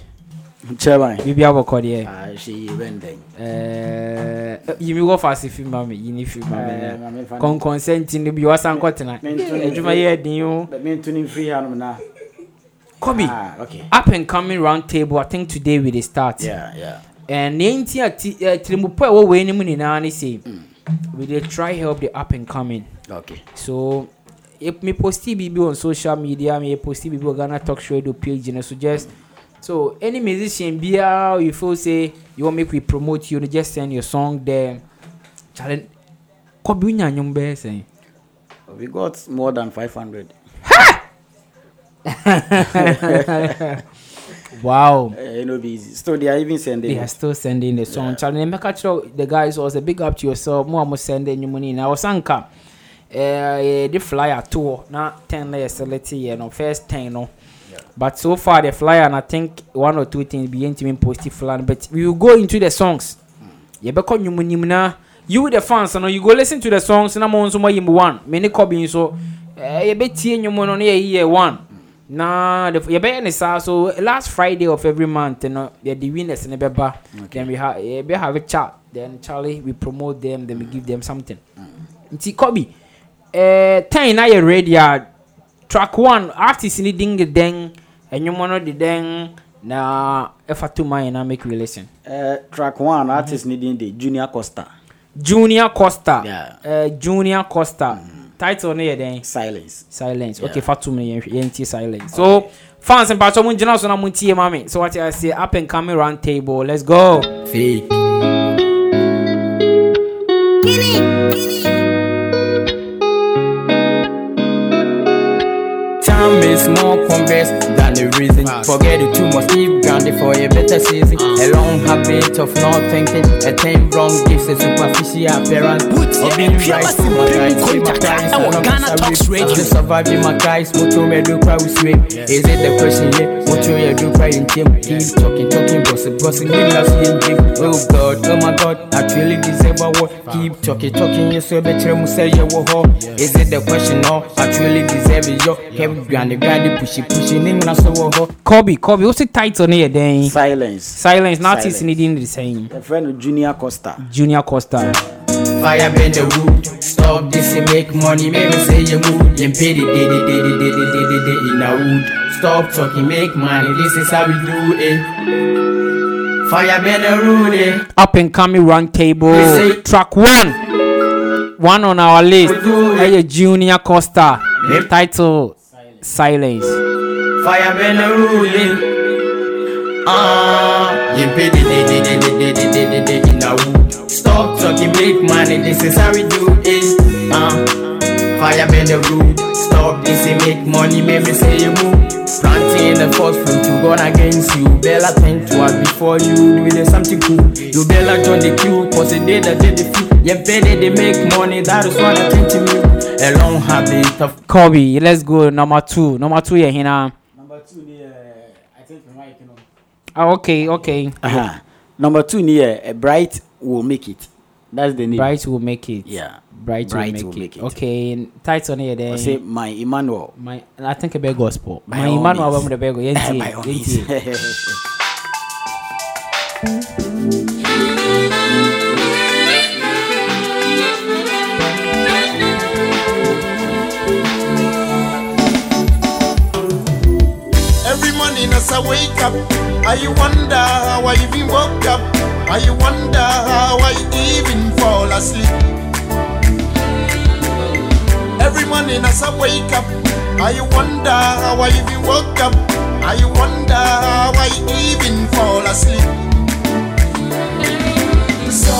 chairman bibi abɔkɔ deɛ ahye yi bɛ ndɛn ɛɛ yimi wɔ faase fi ma mi yini fi ma mi kɔnkɔn sɛnti ne bi wasan kɔ tena adwuma yɛ den o mentuni firi hanom na Kobe, ah, okay. up and coming round table. I think today we dey start. Yeah, yeah. And nti ati tirimupo ɛwɔ wei ni mu nyinaa ni say mm. we dey try help the up and coming. Okay. So me posti bibi on social media, me posti bibi on Ghana Talk Show do page, so just. Mm. So any musician biara you feel say you want make we promote you, just send your song there. Challenge. Kobi unya nyumbe say. We got more than five hundred. wow. Uh, you know, be easy. Still, they are even sending. They it. are still sending the song. Yeah. Charlie, make sure the guys was a big up to yourself. More almost sending you money. Now, Sanka, uh, eh, eh, the flyer tour. Now, ten layers selected. You know, first ten. You know. But so far, the flyer, and I think one or two things be to positive flyer. But we will go into the songs. You become you you the fans, and you go listen to the songs. And I'm on some one. Many copies. so. Eh, you bet you no year one. Nah, the you bet any so last Friday of every month, you know, the winners in the Then we have we have a chat. Then Charlie, we promote them. Then we give them something. Nti Kobe, eh, ten na you ready? track one artist ni din de den enwom no de den na ɛfa to mind na make relation. Uh, eh, track one artist mm -hmm. ni din de junior costa. junior costa yeah. uh, junior costa mm -hmm. title ne yɛ den. silence silence yeah. okay fa to mu yɛn yɛn silence so okay. fans mpatwa mu gyina so na mu tie maame so wate ase up and coming round table let's go. fake. Guinea, Guinea. no conversa the reason. Forget it too much, keep grounded for a better season. Ah. A long habit of not thinking, a thing wrong gives a superficial appearance. Of being right to my guys, my parents, I am not miss a I'm my guys, Mutu me do cry with me. Is it the question, yeah? Mutu me do cry in team. Keep talking, talking, gossip, gossip, we last in game. Oh God, oh my God, I truly deserve a war. Keep talking, talking, you so better, say you Is it the question, no? I truly deserve it, yo. Keep grinding, grinding, pushing, pushing, in, and so nso wɔ hɔ kobe kobe wosi title no yɛ dɛn silence silence Now ni di ne de sɛn. yɛfrɛ no junior costa. junior costa. fire bend the wood stop this and make money make me say you mood yɛn pay the day the day the day the day the day wood stop talking make money this is how we do it. Eh. up and coming round table track one one on our list ɛyɛ junior costa title silence. silence. Firemen are ruling. Ah, in the wood. Stop talking big money, this is how we do it. Ah, firemen are rude. Stop this and make money, make me say you move. Planting the first fruit to God against you. Better to twice before you do it something cool. You better join the queue, cause the day that they defeat. Yeah, baby, they make money, that is what I think to me. A long habit of Kobe, let's go number two. Number two, yeah, here now i think ah okay okay. Uh -huh. number two near a bright will make it that's the name. bright will make it. yeah bright, bright will, make, will it. make it. okay title here. yɛ Say my emmanuel. my i think ebe gospel. my, my emmanuel I de bɛ go My own. as I wake up. I wonder how I even woke up. I wonder how I even fall asleep. Every morning as I wake up, I wonder how I even woke up. I wonder how I even fall asleep. So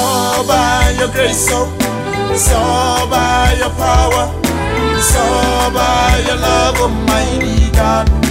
by your grace, so, oh. so by your power, so by your love, Almighty oh, God.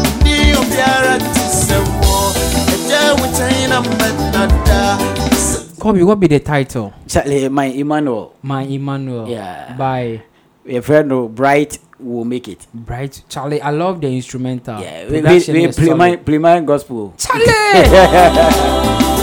Kobe, what be the title? Charlie, my Emmanuel. My Emmanuel. Yeah. By a friend Bright will make it. Bright Charlie, I love the instrumental. Yeah, we, we, we play my gospel. Charlie.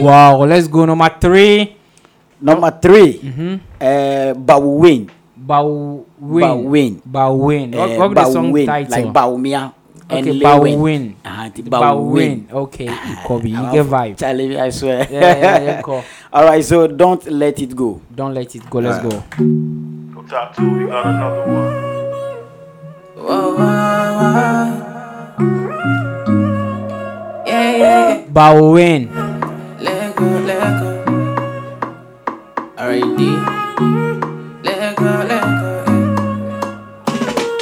Wow, let's go number three. Number three, mm-hmm. uh, eh, Bawin. Bawin. Bawin. Bawin. What, what uh, eh, the song title? Like Baumia. Okay, bow win. Bawin. Uh, win. Okay, Kobe, ah, you get vibe. Charlie, I swear. Yeah, yeah, yeah, cool. All right, so don't let it go. Don't let it go. Let's yeah. go. Top two, got another one. Whoa, whoa, whoa. Yeah, yeah. Bawin. go, let go. R.I.D. Let go, let go.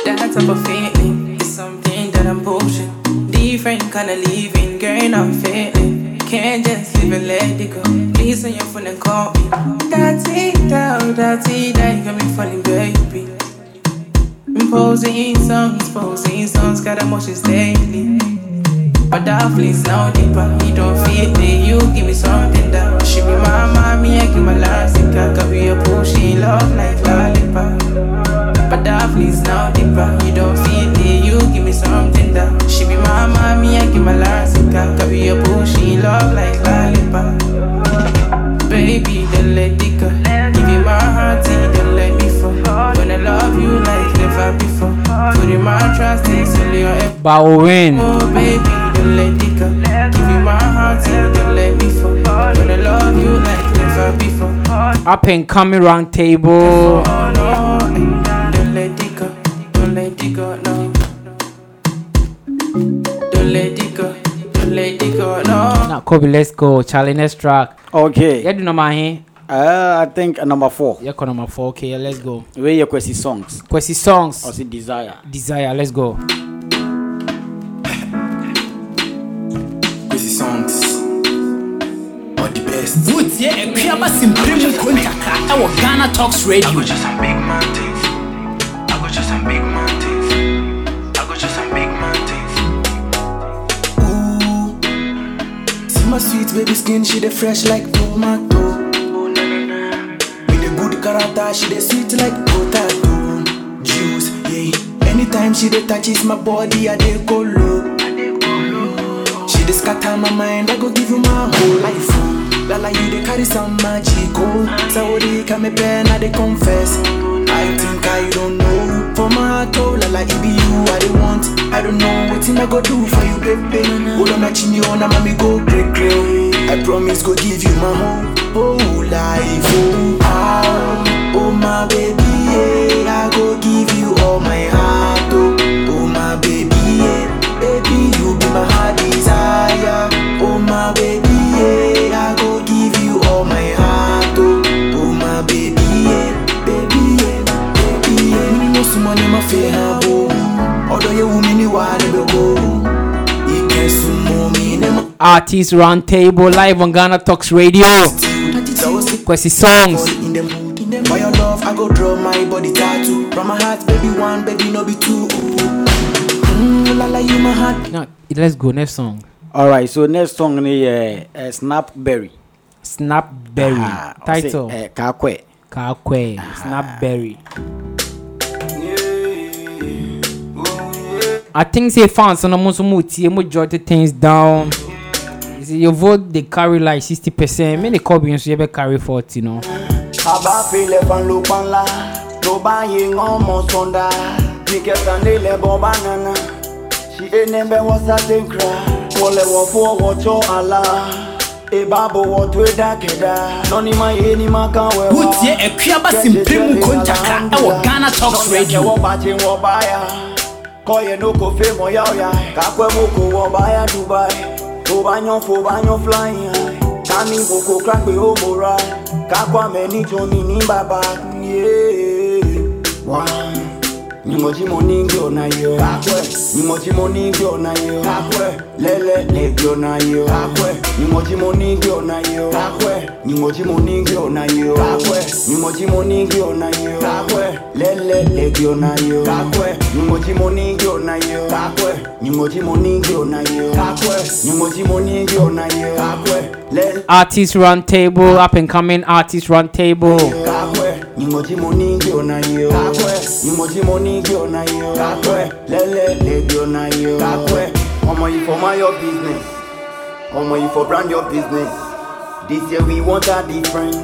Yeah. That type of feeling is something that I'm pushing. Different kind of living, girl, I'm failing. Can't just leave and let it go. Please on your phone and call me. That's it, out, that's it, that you got me falling, baby. Imposing songs, posing songs, got emotions daily. But that place now deeper, he don't feel me. You give me something that she be my mommy, I give my life. Can be a pushy love like lollipop. But that place now deeper, he don't feel me. You give me something that she be my mommy, I give my life. Can be a pushy love like lollipop. Baby, don't let it go. Give you my heart, don't let me fall. When to love you like never before. Putting my trust in solely on every Bowen. Oh baby, don't let it go. Give you my heart and don't let me fall. Gonna love you like never before. Up and coming round table. Kobe, let's go. Challenge next track. Okay. Yeah, do you know uh, I think number four. Yeah, number four. Okay, let's go. Where your Kwesi songs? Kwesi songs. Or say desire. Desire. Let's go. Kwesi songs. All the best. Good. Yeah, we have a simple kuntaka. Our Ghana Talks Radio. I got you some big mountains. I got you some big mountains. I got you some big mountains. Ooh, see my sweet baby skin, she the fresh like tomato karata, she dey sweet like potato juice. Yeah. Anytime she dey touches my body, I dey go low. She dey scatter my mind, I go give you my whole life. Oh. Lala, you dey carry some magic. Oh, Saudi, come pen, I dey confess. I think I don't know. For my heart, oh, lala, it be you I dey want. I don't know what I go do for you, baby. Hold on, I chin you on, mommy go great, I promise, go give you my whole oh life, oh ah, oh my baby, yeah, I go give you all my heart, oh, oh my baby, yeah, baby you be my heart desire, oh my baby, yeah, I go give you all my heart, oh, oh my baby, yeah, baby yeah, baby yeah, me no sumo ni ma fe ha bo, odo ye wumi ni wa ni Artist Roundtable live on Ghana Talks Radio. Kwesi songs. For your love, I go draw my body tattoo. From my heart, baby one, baby no be two. Mm, la la, you my heart. Now, let's go next song. All right, so next song ni uh, uh, Snapberry. Snapberry. Ah, Title. Uh, Kakwe. Kakwe. Ah. Snapberry. Oh, I think say fans on the most mo tie mo things down. mm your vote dey carry like sixty percent make the cobin so yẹ bẹ carry forty nọ. àbá filẹ̀ fan ló pa ńlá ló bá yẹ ń sọ̀dá ní nílẹ̀ bọ́ bá ṣì é ní wọ́n sáté nkira wọ́n lẹ̀ wọ́n fún ọwọ́ tó àlá. wotie akuaba simpire mu kontakra ɛwɔ ghana talks radio tó bá yàn fò bá yàn flying high ká ní kòkó krápé ó mọ̀ra ká kó àmẹ́ níjọ́ mi ní bàbá yéé. Mimo jimo ningyo na yo Akwe Mimo jimo ningyo na yo Akwe Lele negyo na yo Akwe Mimo jimo ningyo na yo Akwe Mimo jimo ningyo na yo Akwe Mimo jimo ningyo na yo Akwe Lele negyo na yo Akwe Mimo jimo ningyo na yo Akwe Mimo jimo ningyo na yo Akwe Mimo jimo ningyo na yo Akwe Lele Artist Roundtable up and coming artist roundtable nyimbo tí mo ní gbé ọ̀nà yìí o nyimbo tí mo ní gbé ọ̀nà yìí o lẹ́lẹ́ lè gbé ọ̀nà yìí o ọmọ yìí for mind your business ọmọ yìí for brand your business this year we want a difference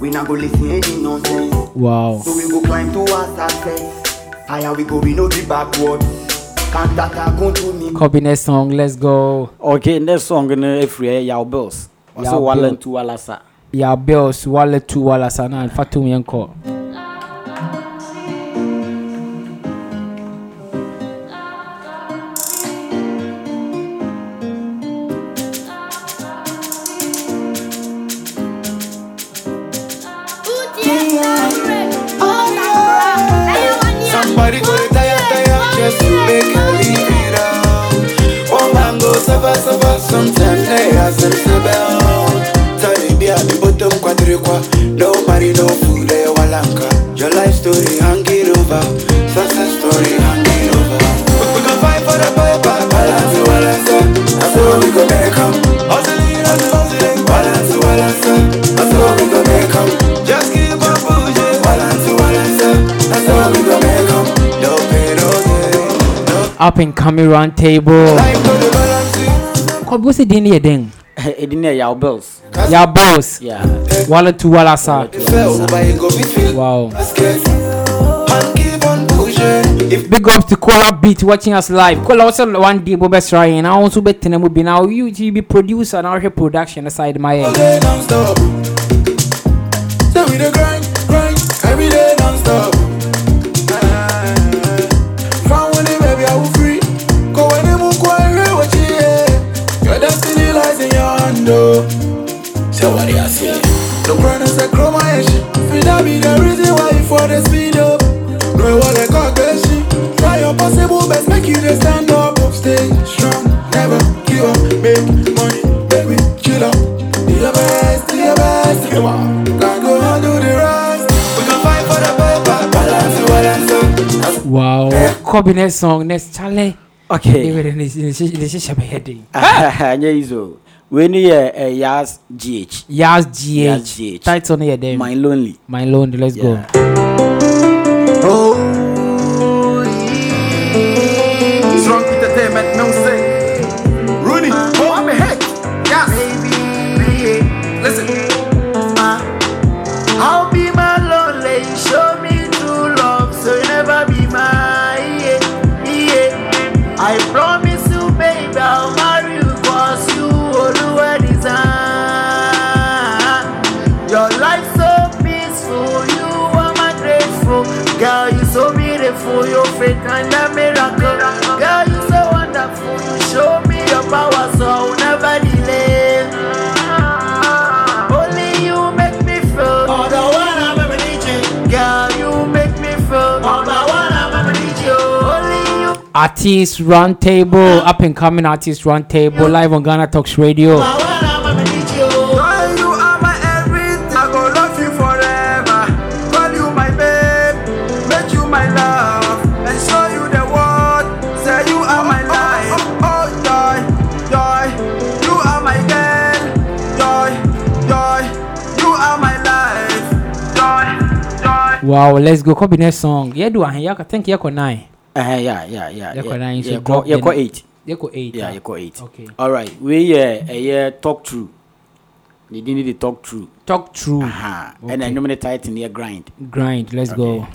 we na go lis ten any nonsense wow. so we go climb to our success higher we go we no be backward. Copy next song, let's go. Okay, next song in every year, your bills. So, Wallen to Alasa. yɛabɛ o so wala tu wala sa na alfa tom Sometimes they ask us about at the bottom No money, no food, eh, walanka. Your life story hanging over, success story hanging over. We, we can fight for the paper, balance, balance, we make them. Hustling, hustling, eh, balance, balance, we make them. Just keep on pushing, balance, balance, we make them. No no Up and coming round table. Kɔbusi di ni yɛ den. edini yɛ yaw bills. yaw bills. wale tu wala sa. wow. Big up to Kola Beat watching us live. Kola also one day Bob is trying. I also bet Tenemu be now you to be producer and our production aside my head. window. So what do you say? The brand is chroma issue. Feel that be the reason why you for the speed up. Know what they call Try your possible best, make you just stand up. Stay strong, never give up. Make money, baby, chill up. Do your best, do your best. Come on, wey ni yɛ ɛ yas gh. Uh, yas gh yas gh title ni yɛ dɛ. my lonely. my lonely let's yeah. go. Artist Roundtable, ah. up and coming Artist Roundtable, live on Ghana Talks Radio. Wow, let's go. Copy next song. Yeah, do I think you're nine. ɛhɛn uh-huh, yeah yeah yeah yɛkɔ nine so drop yɛkɔ eight yɛkɔ eight yeah ah. yɛkɔ eight okay alright wei uh, uh, yɛ ɛyɛ talk through ne din ne de talk through talk through ɛhɛn ɛna ɛnum ne title ne yɛ grind grind let's okay. go.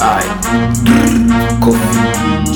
I coffee.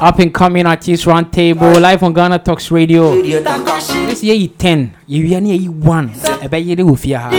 Up and coming artists round table live on Ghana Talks Radio. This year you ten, you year you one. I bet you do fear her.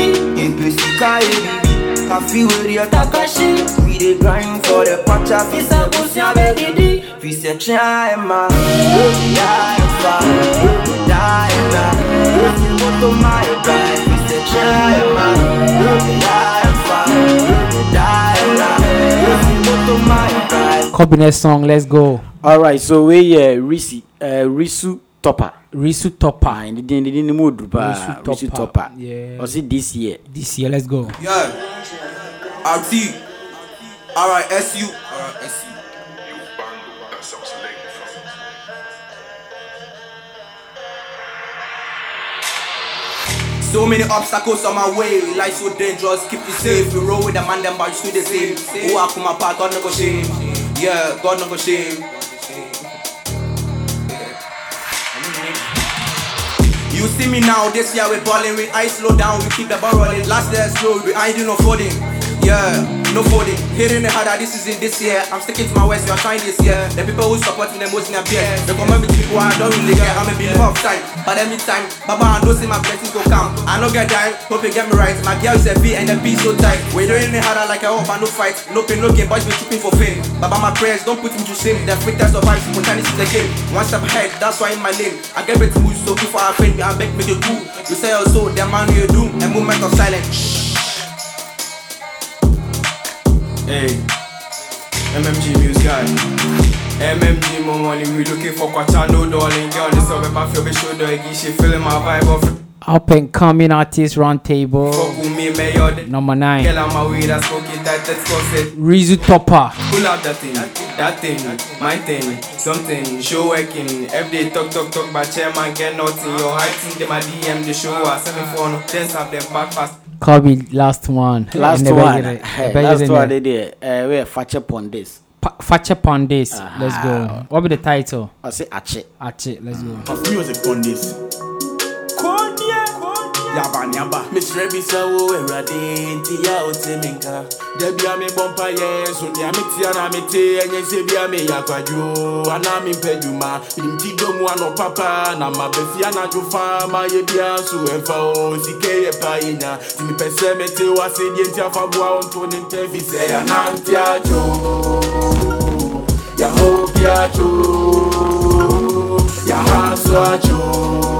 copy next song. Let's go. All right. So we uh, Risi uh, Risu Topper. Risu Topper. And ah, then the name would Risu Topper. Risu Topper. Yeah. Was it this year? This year. Let's go. Yeah. RT. All right. SU. All right. SU. So many obstacles on my way, life so dangerous, keep you safe. You roll with the man, them but you the same. Who oh, I come apart, God no go shame. Yeah, God no go shame. You see me now, this year we ballin', we ice slow down, we keep the ball rolling. Last year slow, ain't do no folding. Yeah, no folding. Hitting it harder, this is in this year. I'm sticking to my words, you are trying this year. The people who support me, the most in a beer. Recommend me to people I don't really care. I'm a believer of time, but every time, Baba, I know see my blessings go come. I know get dying, hope you get me right. My girl is a V and a B so tight. We're doing it harder like I hope I no fight. No pain, no gain, boys be tripping for fame. Baba, my prayers don't put me to shame. The fate that survives spontaneous is the game. One step ahead, that's why in my name. I get better you so before I offend me, I beg me to do. You say also, the man you do. A moment of silence. Hey, MMG Muse guy. MMG, my money, we looking for Quatano, darling girl. This up about your shoulder, again, she feeling my vibe of. Up and coming artist roundtable. Number nine. Rizu Topper. Pull out that thing, that thing, my thing, something. Show working. Every day talk, talk, talk, but chairman get nothing. Your high team, them my DM, the show I send me phone, then have them back fast. Kobe, last one. Last one. Last one. They eh, We're Fache Pondes. Fache Pondes. Let's go. What be the title? I say Ache. Ache. Let's go. Music Pondes. yaba ne aba. mesrɛ bi sɛ wo awurade nti yɛ a wote me nka da bia mebɔ mpayɛ so nea metea mi mete ɛnyɛ sɛ bia meyɛ akwadwo anaa mempɛ dwuma nimti dom mu anɔ papa na mabɛfi jo fa ma yɛ bia so ɛmfa o ke yɛ pa yi yɛnya nti mepɛ sɛ mete wasedeɛ nti afaboa wo nto ne ntɛ fi sɛ yɛnante adwo yɛhobi adwo yɛhaso adwo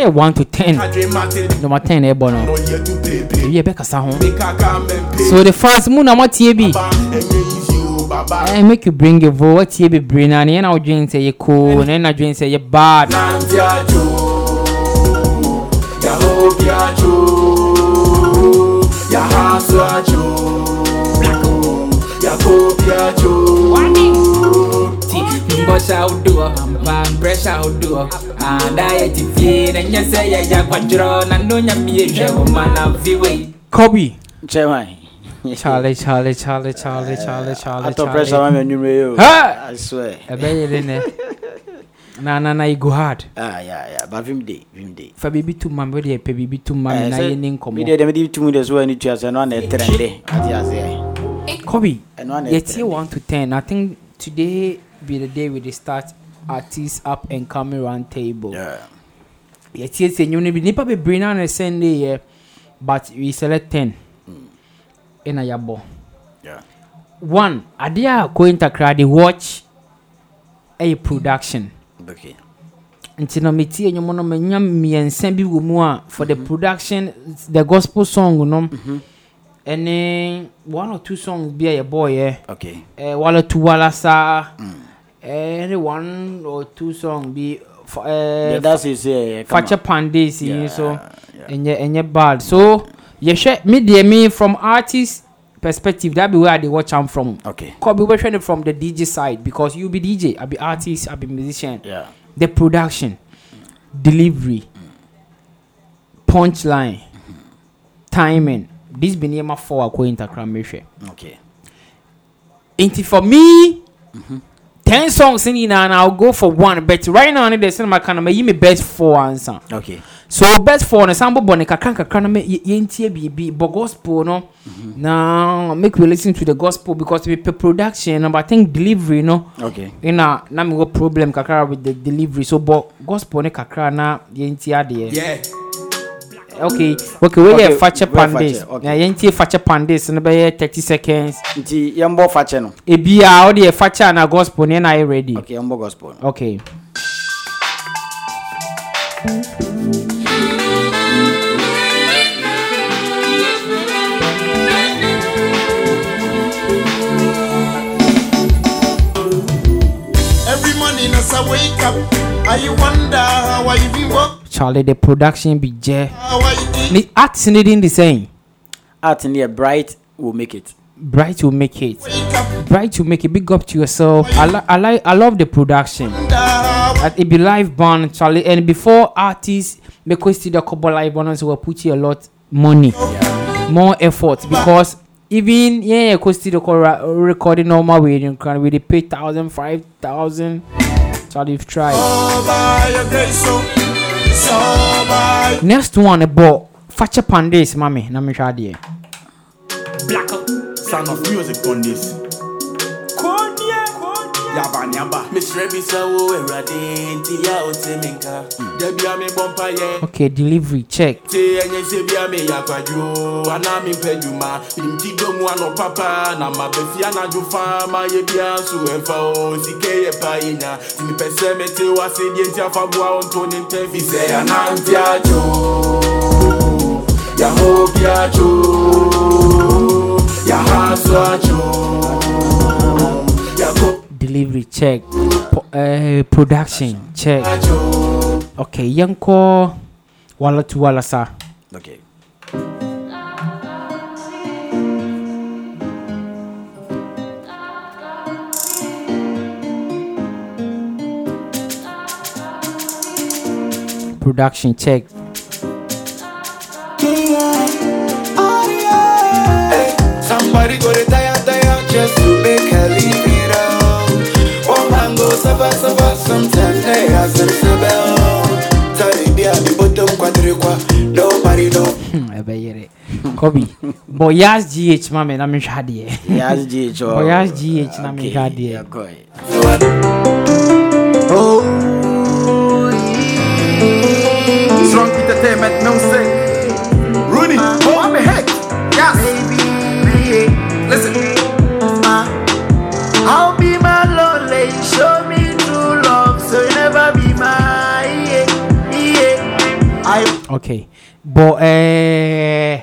yɛ one to ten number ten eh, na ɛbɔ no ebi yɛ bɛ kasa ho so the first mu na wɔtie bi ɛɛ make you bring your vote wɔtie bebree na ne yɛn na wɔdwen sɛ yɛ cool na yɛn na dwen sɛ yɛ bad. Yahobiacho, Yakobiacho, Mbosha Udua Mama. fan pressure outdoor. And diet if and you say, yeah, quadron, and no, you're me, man of the way. Kobe. Chema. Charlie, Charlie, Charlie, Charlie, Charlie, uh, I thought pressure on your new I swear. A baby in it. Na na na you go hard. Ah yeah yeah, but vim day, vim day. Fa bibi tu mam we dey pe bibi tu mam eh, na ye nin komo. Me dey dem dey tu mu dey so any twia say no na trend dey. Ati ase. Kobe. Yet 1 to 10. I think today be the day we start artist up and coming round table. Yeah. yɛtiesie nnwom no be nnipa on a Sunday. Yeah. but we select 10 hmm. yabo. Yeah. one adeɛ a kointakra de watch a production okay. nti na metie nnwom You know, mmiɛnsa bi wɔ mu a for mm -hmm. the mm-hmm. production the gospel song You know. mm -hmm. one or two songs bi a boy. Yeah. okay. uh, wala tu wala saa mm any one or two song bi ɛɛ yeah, that's it yeah, fakyɛ pandesi yeah, so ɛnyɛ yeah. ɛnyɛ bad so yɛhwɛ mi deɛ mi from artist perspective that be where i dey watch am from okay cause we watch from the dj side because you be dj i be artist i be musician yeah. the production mm. delivery mm. punchline mm-hmm. timing this be nneɛma four akɔ intercram mehwɛ okay nti for me. Mm -hmm ten songs in nyinaa na i'll go for one but right now ne de sinima kan na ma yi mi best four ansa. okay so best four no sambo bɔ ne kakra kakra no ma yɛntie biribi bɔ gospel no mm -hmm. na make we lis ten to the gospel because we mepɛ production no but i think delivery no okay na na mewɔ problem kakra with the delivery so bɔ gospel ne kakra na yɛntie adeɛ. Eh. Yeah. okay okay we yɛ fakyɛ pandays na yɛntie fakyɛ pandays no bɛyɛ 30 seconds nti yɛmbɔ fakyɛ no ebia wode yɛ fakyɛ na gospel ne ɛna yɛ ready okay yɛmbɔ gospel okay Every morning as I wake up, I wonder how I even woke Charlie, the production be there. Ah, the art needing the same. Art in here, bright will make it. Bright will make it. Bright will make it. Big up to yourself. I, I like. I love the production. At it be live band, Charlie. And before artists, because a couple live bands will put you a lot money, yeah. more effort because even yeah, because the recording normal way you can really pay thousand, five thousand. Charlie, you've next one bɔ fakyɛ pandays ma me na mehwɛ adeɛ Black son of music on this. Okay, delivery check. Yahoo, Piacho, Yahasu, Acho. delivery check po- uh, production check okay yɛnkɔ wala to wala sa okay. production check saba saba sometimes hey asem sebe o tari bi bottom kwadiri nobody know. ɛbɛ hmm, yɛrɛ kɔbi yas gh ma mɛ na mi hwɛ yas gh ɔ yas gh na mi hwɛ adeɛ. Strong entertainment music. Rooney, oh, I'm a heck. Yes. Okay. But eh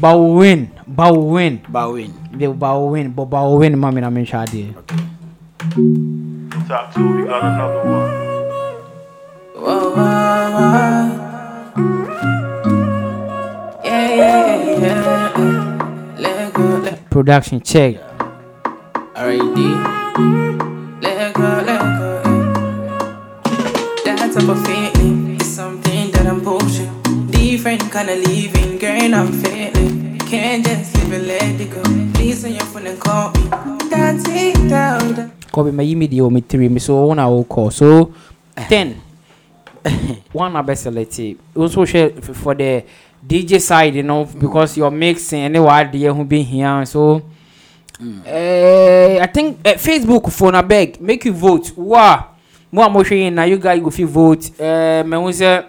Bawin, win. Bawin. The win, but Bawin mami na men shadi. Okay. Top another one. Whoa, whoa, whoa. Yeah, yeah, yeah. Let go, let Production check. Yeah. R.A.D. Let go, let go. Yeah. That type of feeling. kinda leaving, girl, I'm failing. Can't just leave and let it go. Please on your phone and call me. That's it, down. Kobe, my immediate omit me so on our call. So, eh. ten. one best abeselete also share for the dj side you know because you're mixing any idea who been here so mm. uh, i think uh, facebook phone I beg make you vote wa more amohwe now. you guys go fit vote uh, me hun say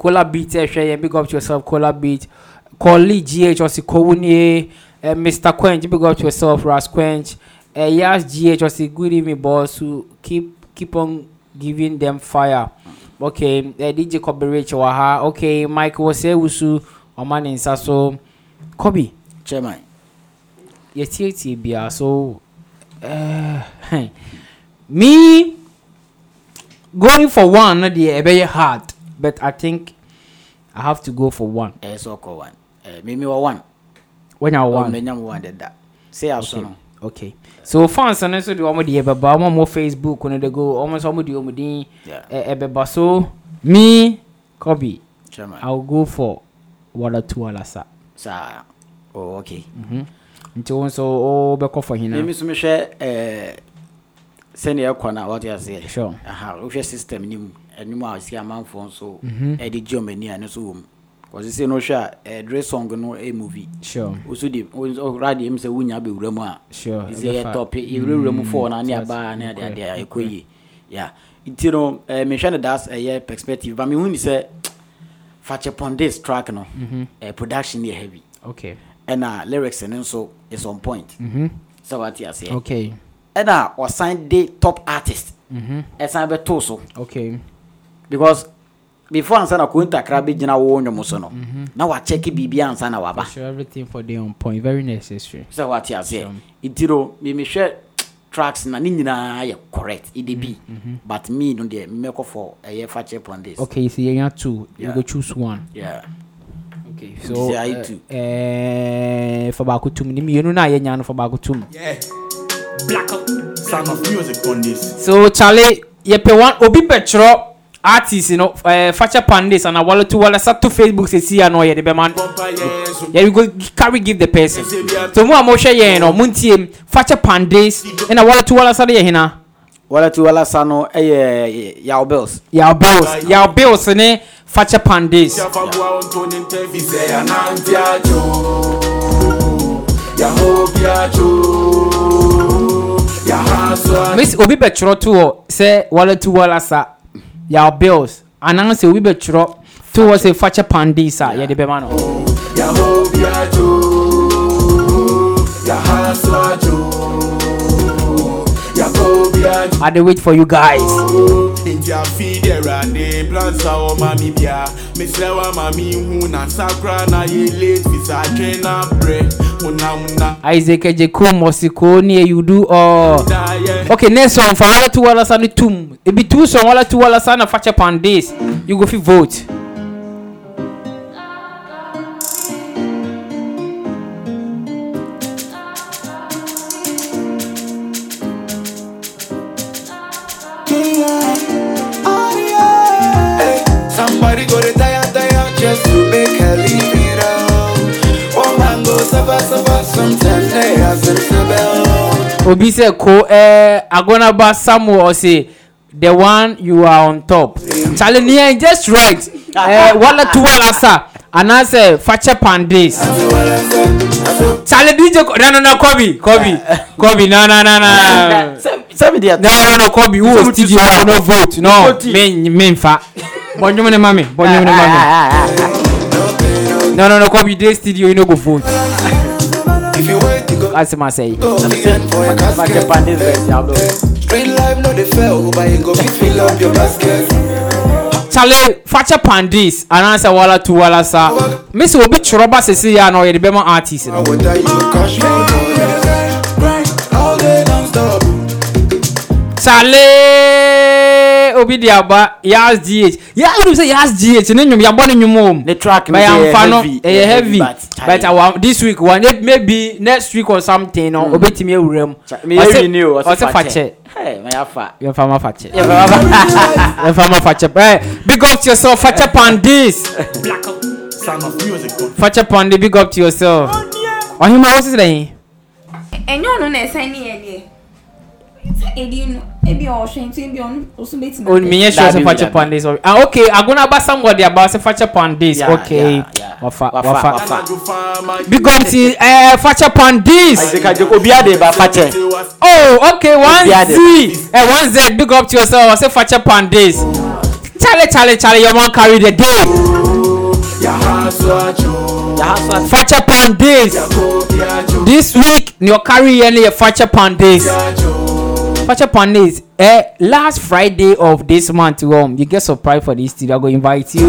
Kola Beat ehwɛ yɛn big up to yourself Kola Beat Kɔli GH ɔsi Kowunie eh, Mr Quench big up to yourself Ras Quench eh, Yas GH ɔsi good evening boss who keep keep on giving them fire okay eh, DJ Kobe Rich wɔ ha okay Mike Wose Wusu ɔma ne nsa so Kobe. Chairman. Yɛtietie biara so. Uh, me going for one no deɛ ɛbɛyɛ eh, hard but I think I have to go for one. Eh, so call one. Eh, me me one. When I oh, want. When I one that. Say also. okay. okay. So fans and so the omo dey eh, be want more Facebook when they go almost omo dey omo din eh, eh be so me Kobe. Chairman. I'll go for wala tu wala sa. Oh okay. Mhm. Mm Nti won so o oh, be call for hina. Me me so me share eh, sɛnea ɛkɔ eh, ah, mm-hmm. eh, ah, um, no a wɔte aseɛ eh, wohwɛ system no mu ɛnom a ɔsi amanfoɔ nso ɛde gye ɔmani a no so wɔ mu kɔse se no hwɛ a ɛdre song no ɛmovi woso de radio mu sɛ wonya bɛwura mu a sɛ yɛtɔpe yɛwurawura mu fɔɔ no ne abaa ne adeade a ɛkɔ yie ya nti no mehwɛ no das ɛyɛ perspective ba mehu ni sɛ fakyɛ pondes track no mm-hmm. production yɛ heavy ɛna ah, lyrics no nso is on point sɛ wate aseɛ ɛna ɔsan de top artist ɛsan bɛ to so because before ansa na kò n takra bi gyina wɔn ɔnyɔm so no mm-hmm. na wa check biribi ansa na waba sɛ wa ti aseɛ nti no mímí hwɛ tracks na ne nyinaa yɛ correct e dey be mm-hmm, mm-hmm. but me no deɛ mmɛkɔ for ɛyɛ fakyɛ pon days. okay so yɛn ya two you go choose one. Yeah. Okay, so uh, uh, eh, for baako tum ni mmienu na yɛnya no for baako tum. Yeah. Black sound of music on this. so Charlie yɛpɛ wan obi Petro artist you no ɛɛ fakyɛ pandis I wale to wale sa to facebook to see ya no yɛde Man, yeah, we go carry give the person so mu a mo hwɛ yɛn no mo n tie fakyɛ pandis ɛna wale to wale sa de yɛ hina. wale to wale sa no yeah, yaw bills. yaw bills yaw bills ne fakyɛ pandis. Yeah miss obi bɛtwerɛ to hɔ sɛ wala tu wala sa yaw bills anaasɛ obi bɛtwerɛ to hɔ sɛ fakyɛ pandei sa yɛde bɛma no I dey wait for you guys. Nja fi dẹ̀ra dé plansa ọmọ mi bíà. Mi sẹ́wà màmí hun na sakura na yele fisa twẹ́ na brẹ̀. Isaac Ejeku Mosiko ni eyudu oh. Okay, next song for wala tu wala sani tum. It be two song wala tu wala sana fache pandis. You go fi vote. obi sɛ ko ɛɛ agonaba samuel ɔse the one you are on top chale ni yɛn just right ɛɛ wala tu wala sa anaasɛ fakyɛ pandes chale dj na na na kɔbi kɔbi kɔbi na na na na na na na kɔbi wo wɔ studio hɔ no vote no me me nfa bɔnyum ne ma mi bɔnyum ne ma mi no no no kɔbi de studio yi no go vote. If you wait to go, as I say, go end for your casket. Like a bandit, life, no they fail, but you go fill up your basket. kyale fakyɛ pandis anaasɛ wala tu wala sa mesi obi twerɛ ba sese a na ɔyɛ bɛma artist no kyale obi de aba yas gh yas wuli sɛ yas gh ne nwom yabɔ ne nwom o ne track ne yɛ heavy ɛyɛ eh, heavy but this week one eh, maybe next week or something no obetumi ewura mu ɔsɛ ɔsɛ fakyɛ yɛmfa ma fakyɛ yɛmfa ma fakyɛ ɛɛ big up to yourself fakyɛ pandis fakyɛ pandis big up to yourself ɔhema wosisɛ yi. ɛnyɛ ɔno na ɛsɛn ne yɛ deɛ meyɛ sure sɛ fakyɛ pan days ah, okay agona aba somewhat de aba sɛ fakyɛ pan days yeah, okay yeah, yeah. wafa wafa, wafa. bikɔ nti ɛɛ eh, fakyɛ pan days obia de ba fakyɛ oh okay one z ɛ eh, one z big up to yourself ɔsɛ fakyɛ pan days chale chale chale your man carry the day fakyɛ pan days this week ni ɔkari yɛ ne yɛ fakyɛ pan days. Yeah, touch upon eh, last Friday of this month, um, you get surprise for this studio. I go invite you.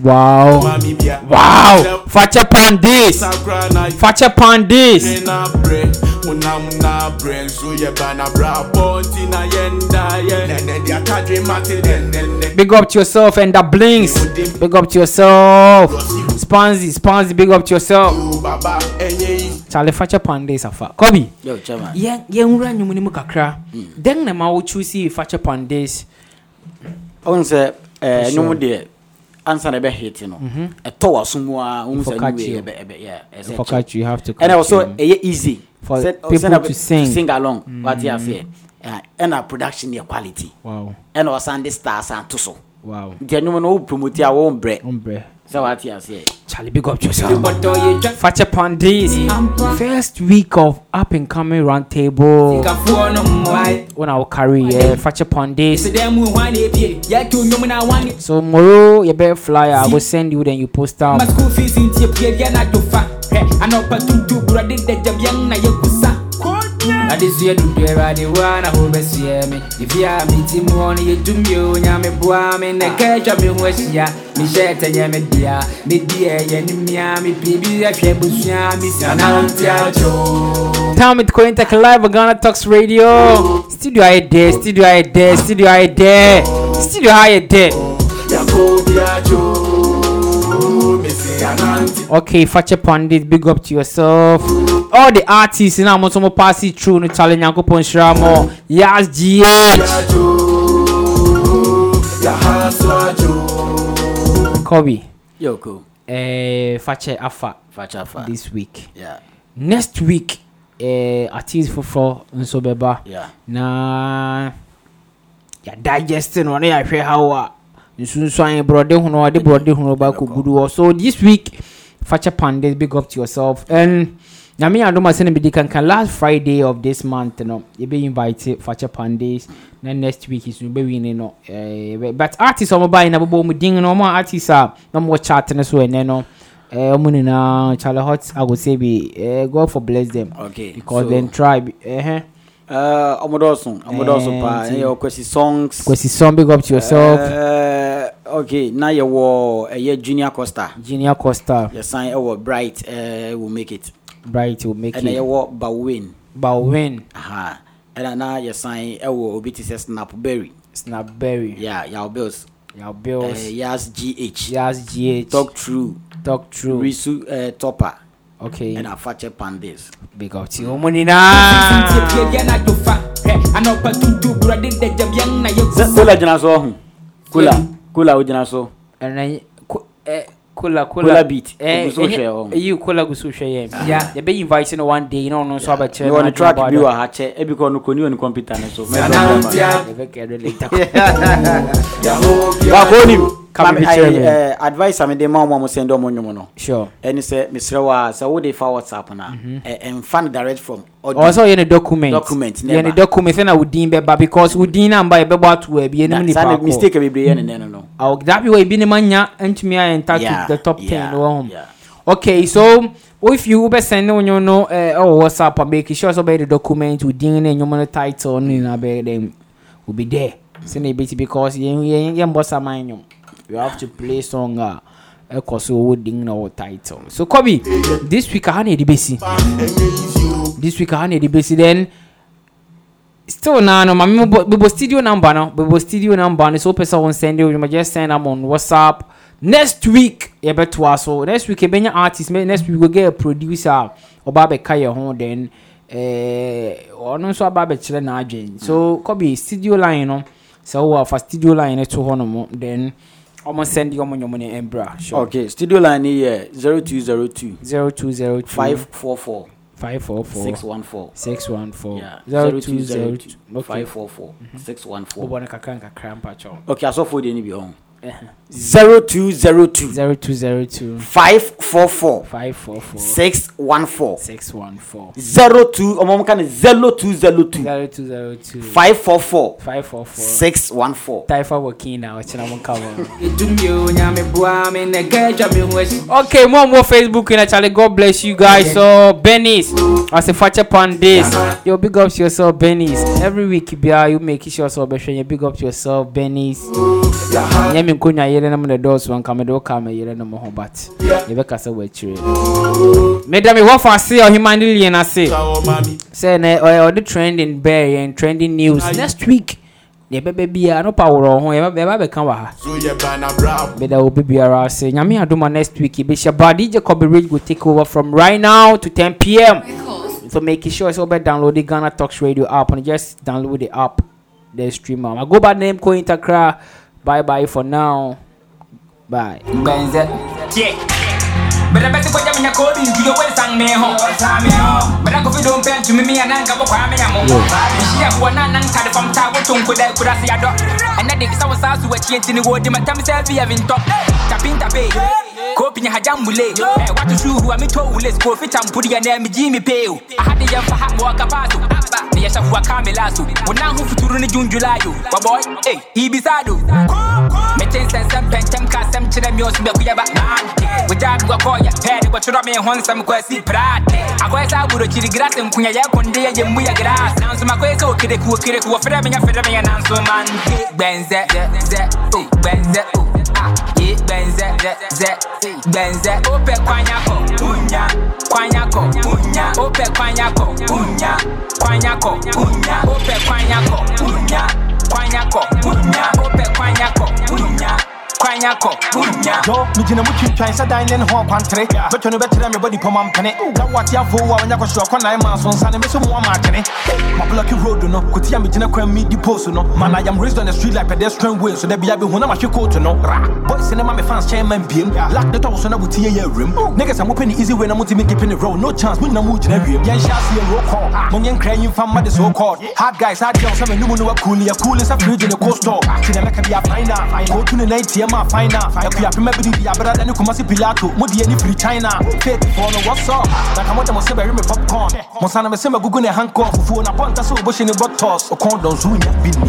Wow. Wow. Fetch upon this. Fetch muna muna brain so ye bana bra ponti na yenda ye nene dia kadre mate nene big up to yourself and that blinks big up to yourself Sponzy Sponzy big up to yourself eh, Charlie Facha Pandey safa Kobi yo chama yen yen wura nyumu ni mu kakra den hmm. na ma wo choose Facha Pandey I want to say eh no mu there ansa na ɛbɛ hit no mhm. ɛtɔ wa sumu a ohun sɛ nu yɛ ɛbɛ ɛbɛ yɛ ɛsɛ kyɛ ɛna also ɛyɛ easy for oh, people to sing sing along mm. wati afe uh, ɛna production yɛ quality ɛna ɔsan de stars an to so nti ɛnum no o promote a wɔn brɛ sɛ wate aseɛ charlie big up yourself fache this. first week of up and coming round table when i will carry uh, fache this. so tomorrow you better fly. i will send you then you post out na desua dudu awurade woa na wobɛsoɛ me ɛfi a meti muɔ no o nyame boa me nɛ atwa me ho oh, ahyia mehyɛ ɛtɛnyɛ me dea medi ɛyɛ ne mia me biribi ahwɛ busua mesanantiakyɛo Time with Coin Tech Live Ghana Talks Radio. Studio I there, studio I there, studio I there, studio I there. Okay, Fatcher Pandit, big up to yourself all the artists na mo nso mo pass through no challenge nyankopɔn nhyira mo yas gh kobi yoko eh fache afa fache afa this week yeah next week eh artist foforɔ nso bɛba yeah na ya digesting no ya hwɛ how a nsunsuan borɔde hono ɔde brode hono ba kɔ gudu so this week fache pandit big up to yourself and nyame adom ase no mede kanka last friday of this month no yɛbɛ invite fakyɛ pandays na next week so bɛwine no eh, but artist ɔmo bae na bobɔ mu din no ɔmo a artist a ah. na mowɔ chat no so ɛnɛ no eh, ɔmo nyinaa ah, charlie hot I agosɛ bi eh, god for bless them okay, because so, then tribe eh, eh, ɔmo dɔɔso ɔmo dɔɔso pa. ɛyɛ eh, wɔ eh, kwesi songs kwesi song big up to yourself uh, okay Now na yɛwɔ ɛyɛ junior costa junior costa yɛsan ɛwɔ bright uh, will make it bright will make it. ɛna yɛwɔ bawin. bawin. ɛna na yɛsan ɛwɔ obi ti sɛ snapberry. snapberry. ya yeah, yawbels. bills. Uh, eh, yas gh. yas gh. talk true. talk true. risu uh, topper. okay. ɛna afakyɛ pandes. big up ti wɔn nyinaa. sisi ti ebi yɛn na do fa hɛ anɔpa tuntum burade dɛjɛm yɛn na yɛ kusa. kola gyina so ɔhun kola kola o gyina so. ɛnna ɛ kola kola beat eh, gusu hwɛ hɔ eyi kola gusu hwɛ yɛ bia yɛ bɛ invite no one day na ɔno nso abɛkyerɛ no wɔn eh, track bi wɔ ha kyɛ ebi kɔ no kɔni wɔ ne computer ne so mɛ bɛ bɛ kɛ do later. baako onim maame ayi eh, advice a mi de ma ɔmo ɔmo sɛ ndé ɔmo nyom no sure ɛni sɛ misiri wa sɛ wo de fa whatsapp na ɛ ɛnfa ni direct from audio oh, ɔsɛ ɔyɛ ni document document nɛɛma yɛ ni document sɛ na o din bɛ ba because o din na ba yɛ bɛ bɔ ato ɛbi yɛ nimu nipa kɔ na sanni mistake bebree yɛ ni nɛɛno no awo that way ebi ni ma nya ntumi ayɛ nta to the top ten wɔn oh, um. okay so if you bɛ send ne wɔn no ɛ eh, ɛwɔ oh, whatsapp abeg sure sɛ ɔbɛyɛ the document o din ne nyom no title ne nyinaa bɛ dɛm o be there sɛ na ebi ti because yɛn yɛn yɛn bɔ saman nyom you have to play song a ah. ɛkɔ so ɔwɔ din na title so kɔbi this week I na yɛde bɛsi this week I na yɛde bɛsi then still na no maame bɛbɔ studio number no bɛbɔ studio number so person sɛ wɔn send you ma just send them on whatsapp next week yɛbɛtoa e so next week yɛbɛnya e artist next week we get a producer ɔba abɛka yɛ ho then ɔno eh, nso aba abɛkyerɛ n'adwen so kɔbi studio line no sɛ wowɔ afa studio line no to hɔ nom then ọmọ send ọmọ yẹn ọmọ yẹn mbra. Sure. okay studio line ni yẹ zero two zero two. zero two zero two. five four four. five four four. six one four. six one four. yeah zero two zero two. five four four. Mhm. six one four. ó bọ̀ ní kakra nkakra mpàtsọ. okay asọ́fo de ni bi ọ̀hún zero two zero two. zero two zero two. five four four. five four four. six one four. six one four. zero two ọmọ ọmọ kan ní zero two zero two. zero two zero two. five four four. five four four. six one four. taifa wakin na ọ̀kyẹ́nà mo ka wọ́n. ìdúmí o nyàmé bua mi okay mo mo facebook na chale god bless you guys so benis asefache pandis yo big up to yourself benis every week bia you make sure so ọbẹ sure you big up to yourself benis me nkonya yerenom ne dɔɔso nka mede wo kaa ma yerenom ho but yɛbɛkasa wɔ akyire meda me hɔ ɔhema ne lien ase sɛ nɛ ɔde trending bɛɛ yɛn trending news next week yɛbɛbɛ biara no pa worɔ ho yɛbɛba bɛka wɔ ha meda wo bibiara ase nyame adoma next week yɛbɛhyia ba dj coberage go take over from right now to 10 pm so make sure sɛ wobɛ download the ghana talks radio app and just download the app the stream go by name ko intakra Bye bye for now. Bye. kopinya haja mule eh, watu shuhuwa mitoule sikofita mpuriya ne mijimi peo ahadi yamfaha mwakapaso ne yashafuwa kamelaso munanhu futuru waboy eh, ibisado metin sɛnsɛm pɛntɛm ka asɛm kyerɛ me ɔso bɛkoyɛ ba wogyaa bi wakɔɔyɛ me prate akɔyɛ sɛ aborokyiri grase nkonya yɛ konde yɛ yɛmmu yɛ gras nanso makɔyɛ sɛ okerekuokereku wɔfrɛ menyɛ frɛ meyɛ nanso mante gbɛnzɛ gbɛnzɛ benze ze benze ope kwanyako unya kwanyako unya ope kwanyako unya kwanyako unya ope kwanyako unya kwanyako unya ope kwanyako unya kwanya kɔ wonya yo megyina mu twintwan sɛ dan ne ne ho akwantere bɛtwa no bɛkyerɛ me bɔdi pɔma mpene na wɔateafoɔ wo a wanya kɔhwerɛ ɔkɔ nan maa so nsa ne mɛsɛ mu ama My blocky road no kote a megyina kwan me di pos no man i am raised on the street like pedestrian way so be bia bɛhu na mahwe coat no boys ne ma me fans man, ma Lock the ne so na wote yɛyɛ rim. niggas a mopɛ ne easy way na motimi kepe the row no chance monyina mu wogyina wiem yɛnhyɛ ase yɛ roll call ah. monyɛ nkra nyimfa mma de so mm-hmm. called hard guys hard girls sɛ menum no wakuli yɛkuli sɛ fridge ne co store ti ah. na mɛka bi afine a kootu ne nan tiɛ them a fine now. If you have remember the brother than you come see Pilato, Mudi any free China. Faith for no what's up. Now come on, them say bury me popcorn. Monsana me say me gugu ne handcuff. Fufu na ponta so bush in the butt toss. O oh, kon don zoom ya bin me.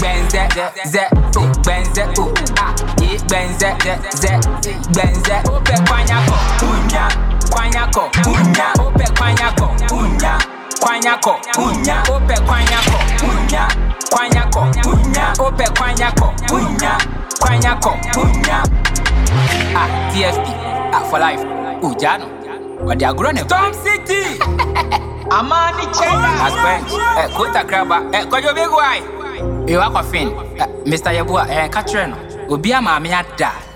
Benze, ze, o benze, o oh, ah, ye benze, ze, ze, benze. Ope oh, kwanyako, unya, kwanyako, unya, ope kwanyako, unya kwanyako unya ope kwanyako unya kwanyako unya ope kwanyako unya kwanyako unya ah TFP ah for life ujano ọdẹ agorɔ ne. Tom City amani chenya. aspect eh kota kraba ɛ kɔjɔ big wine. ewa kɔfin ɛ Mr. Yabua, eh kakyere no obi ama ame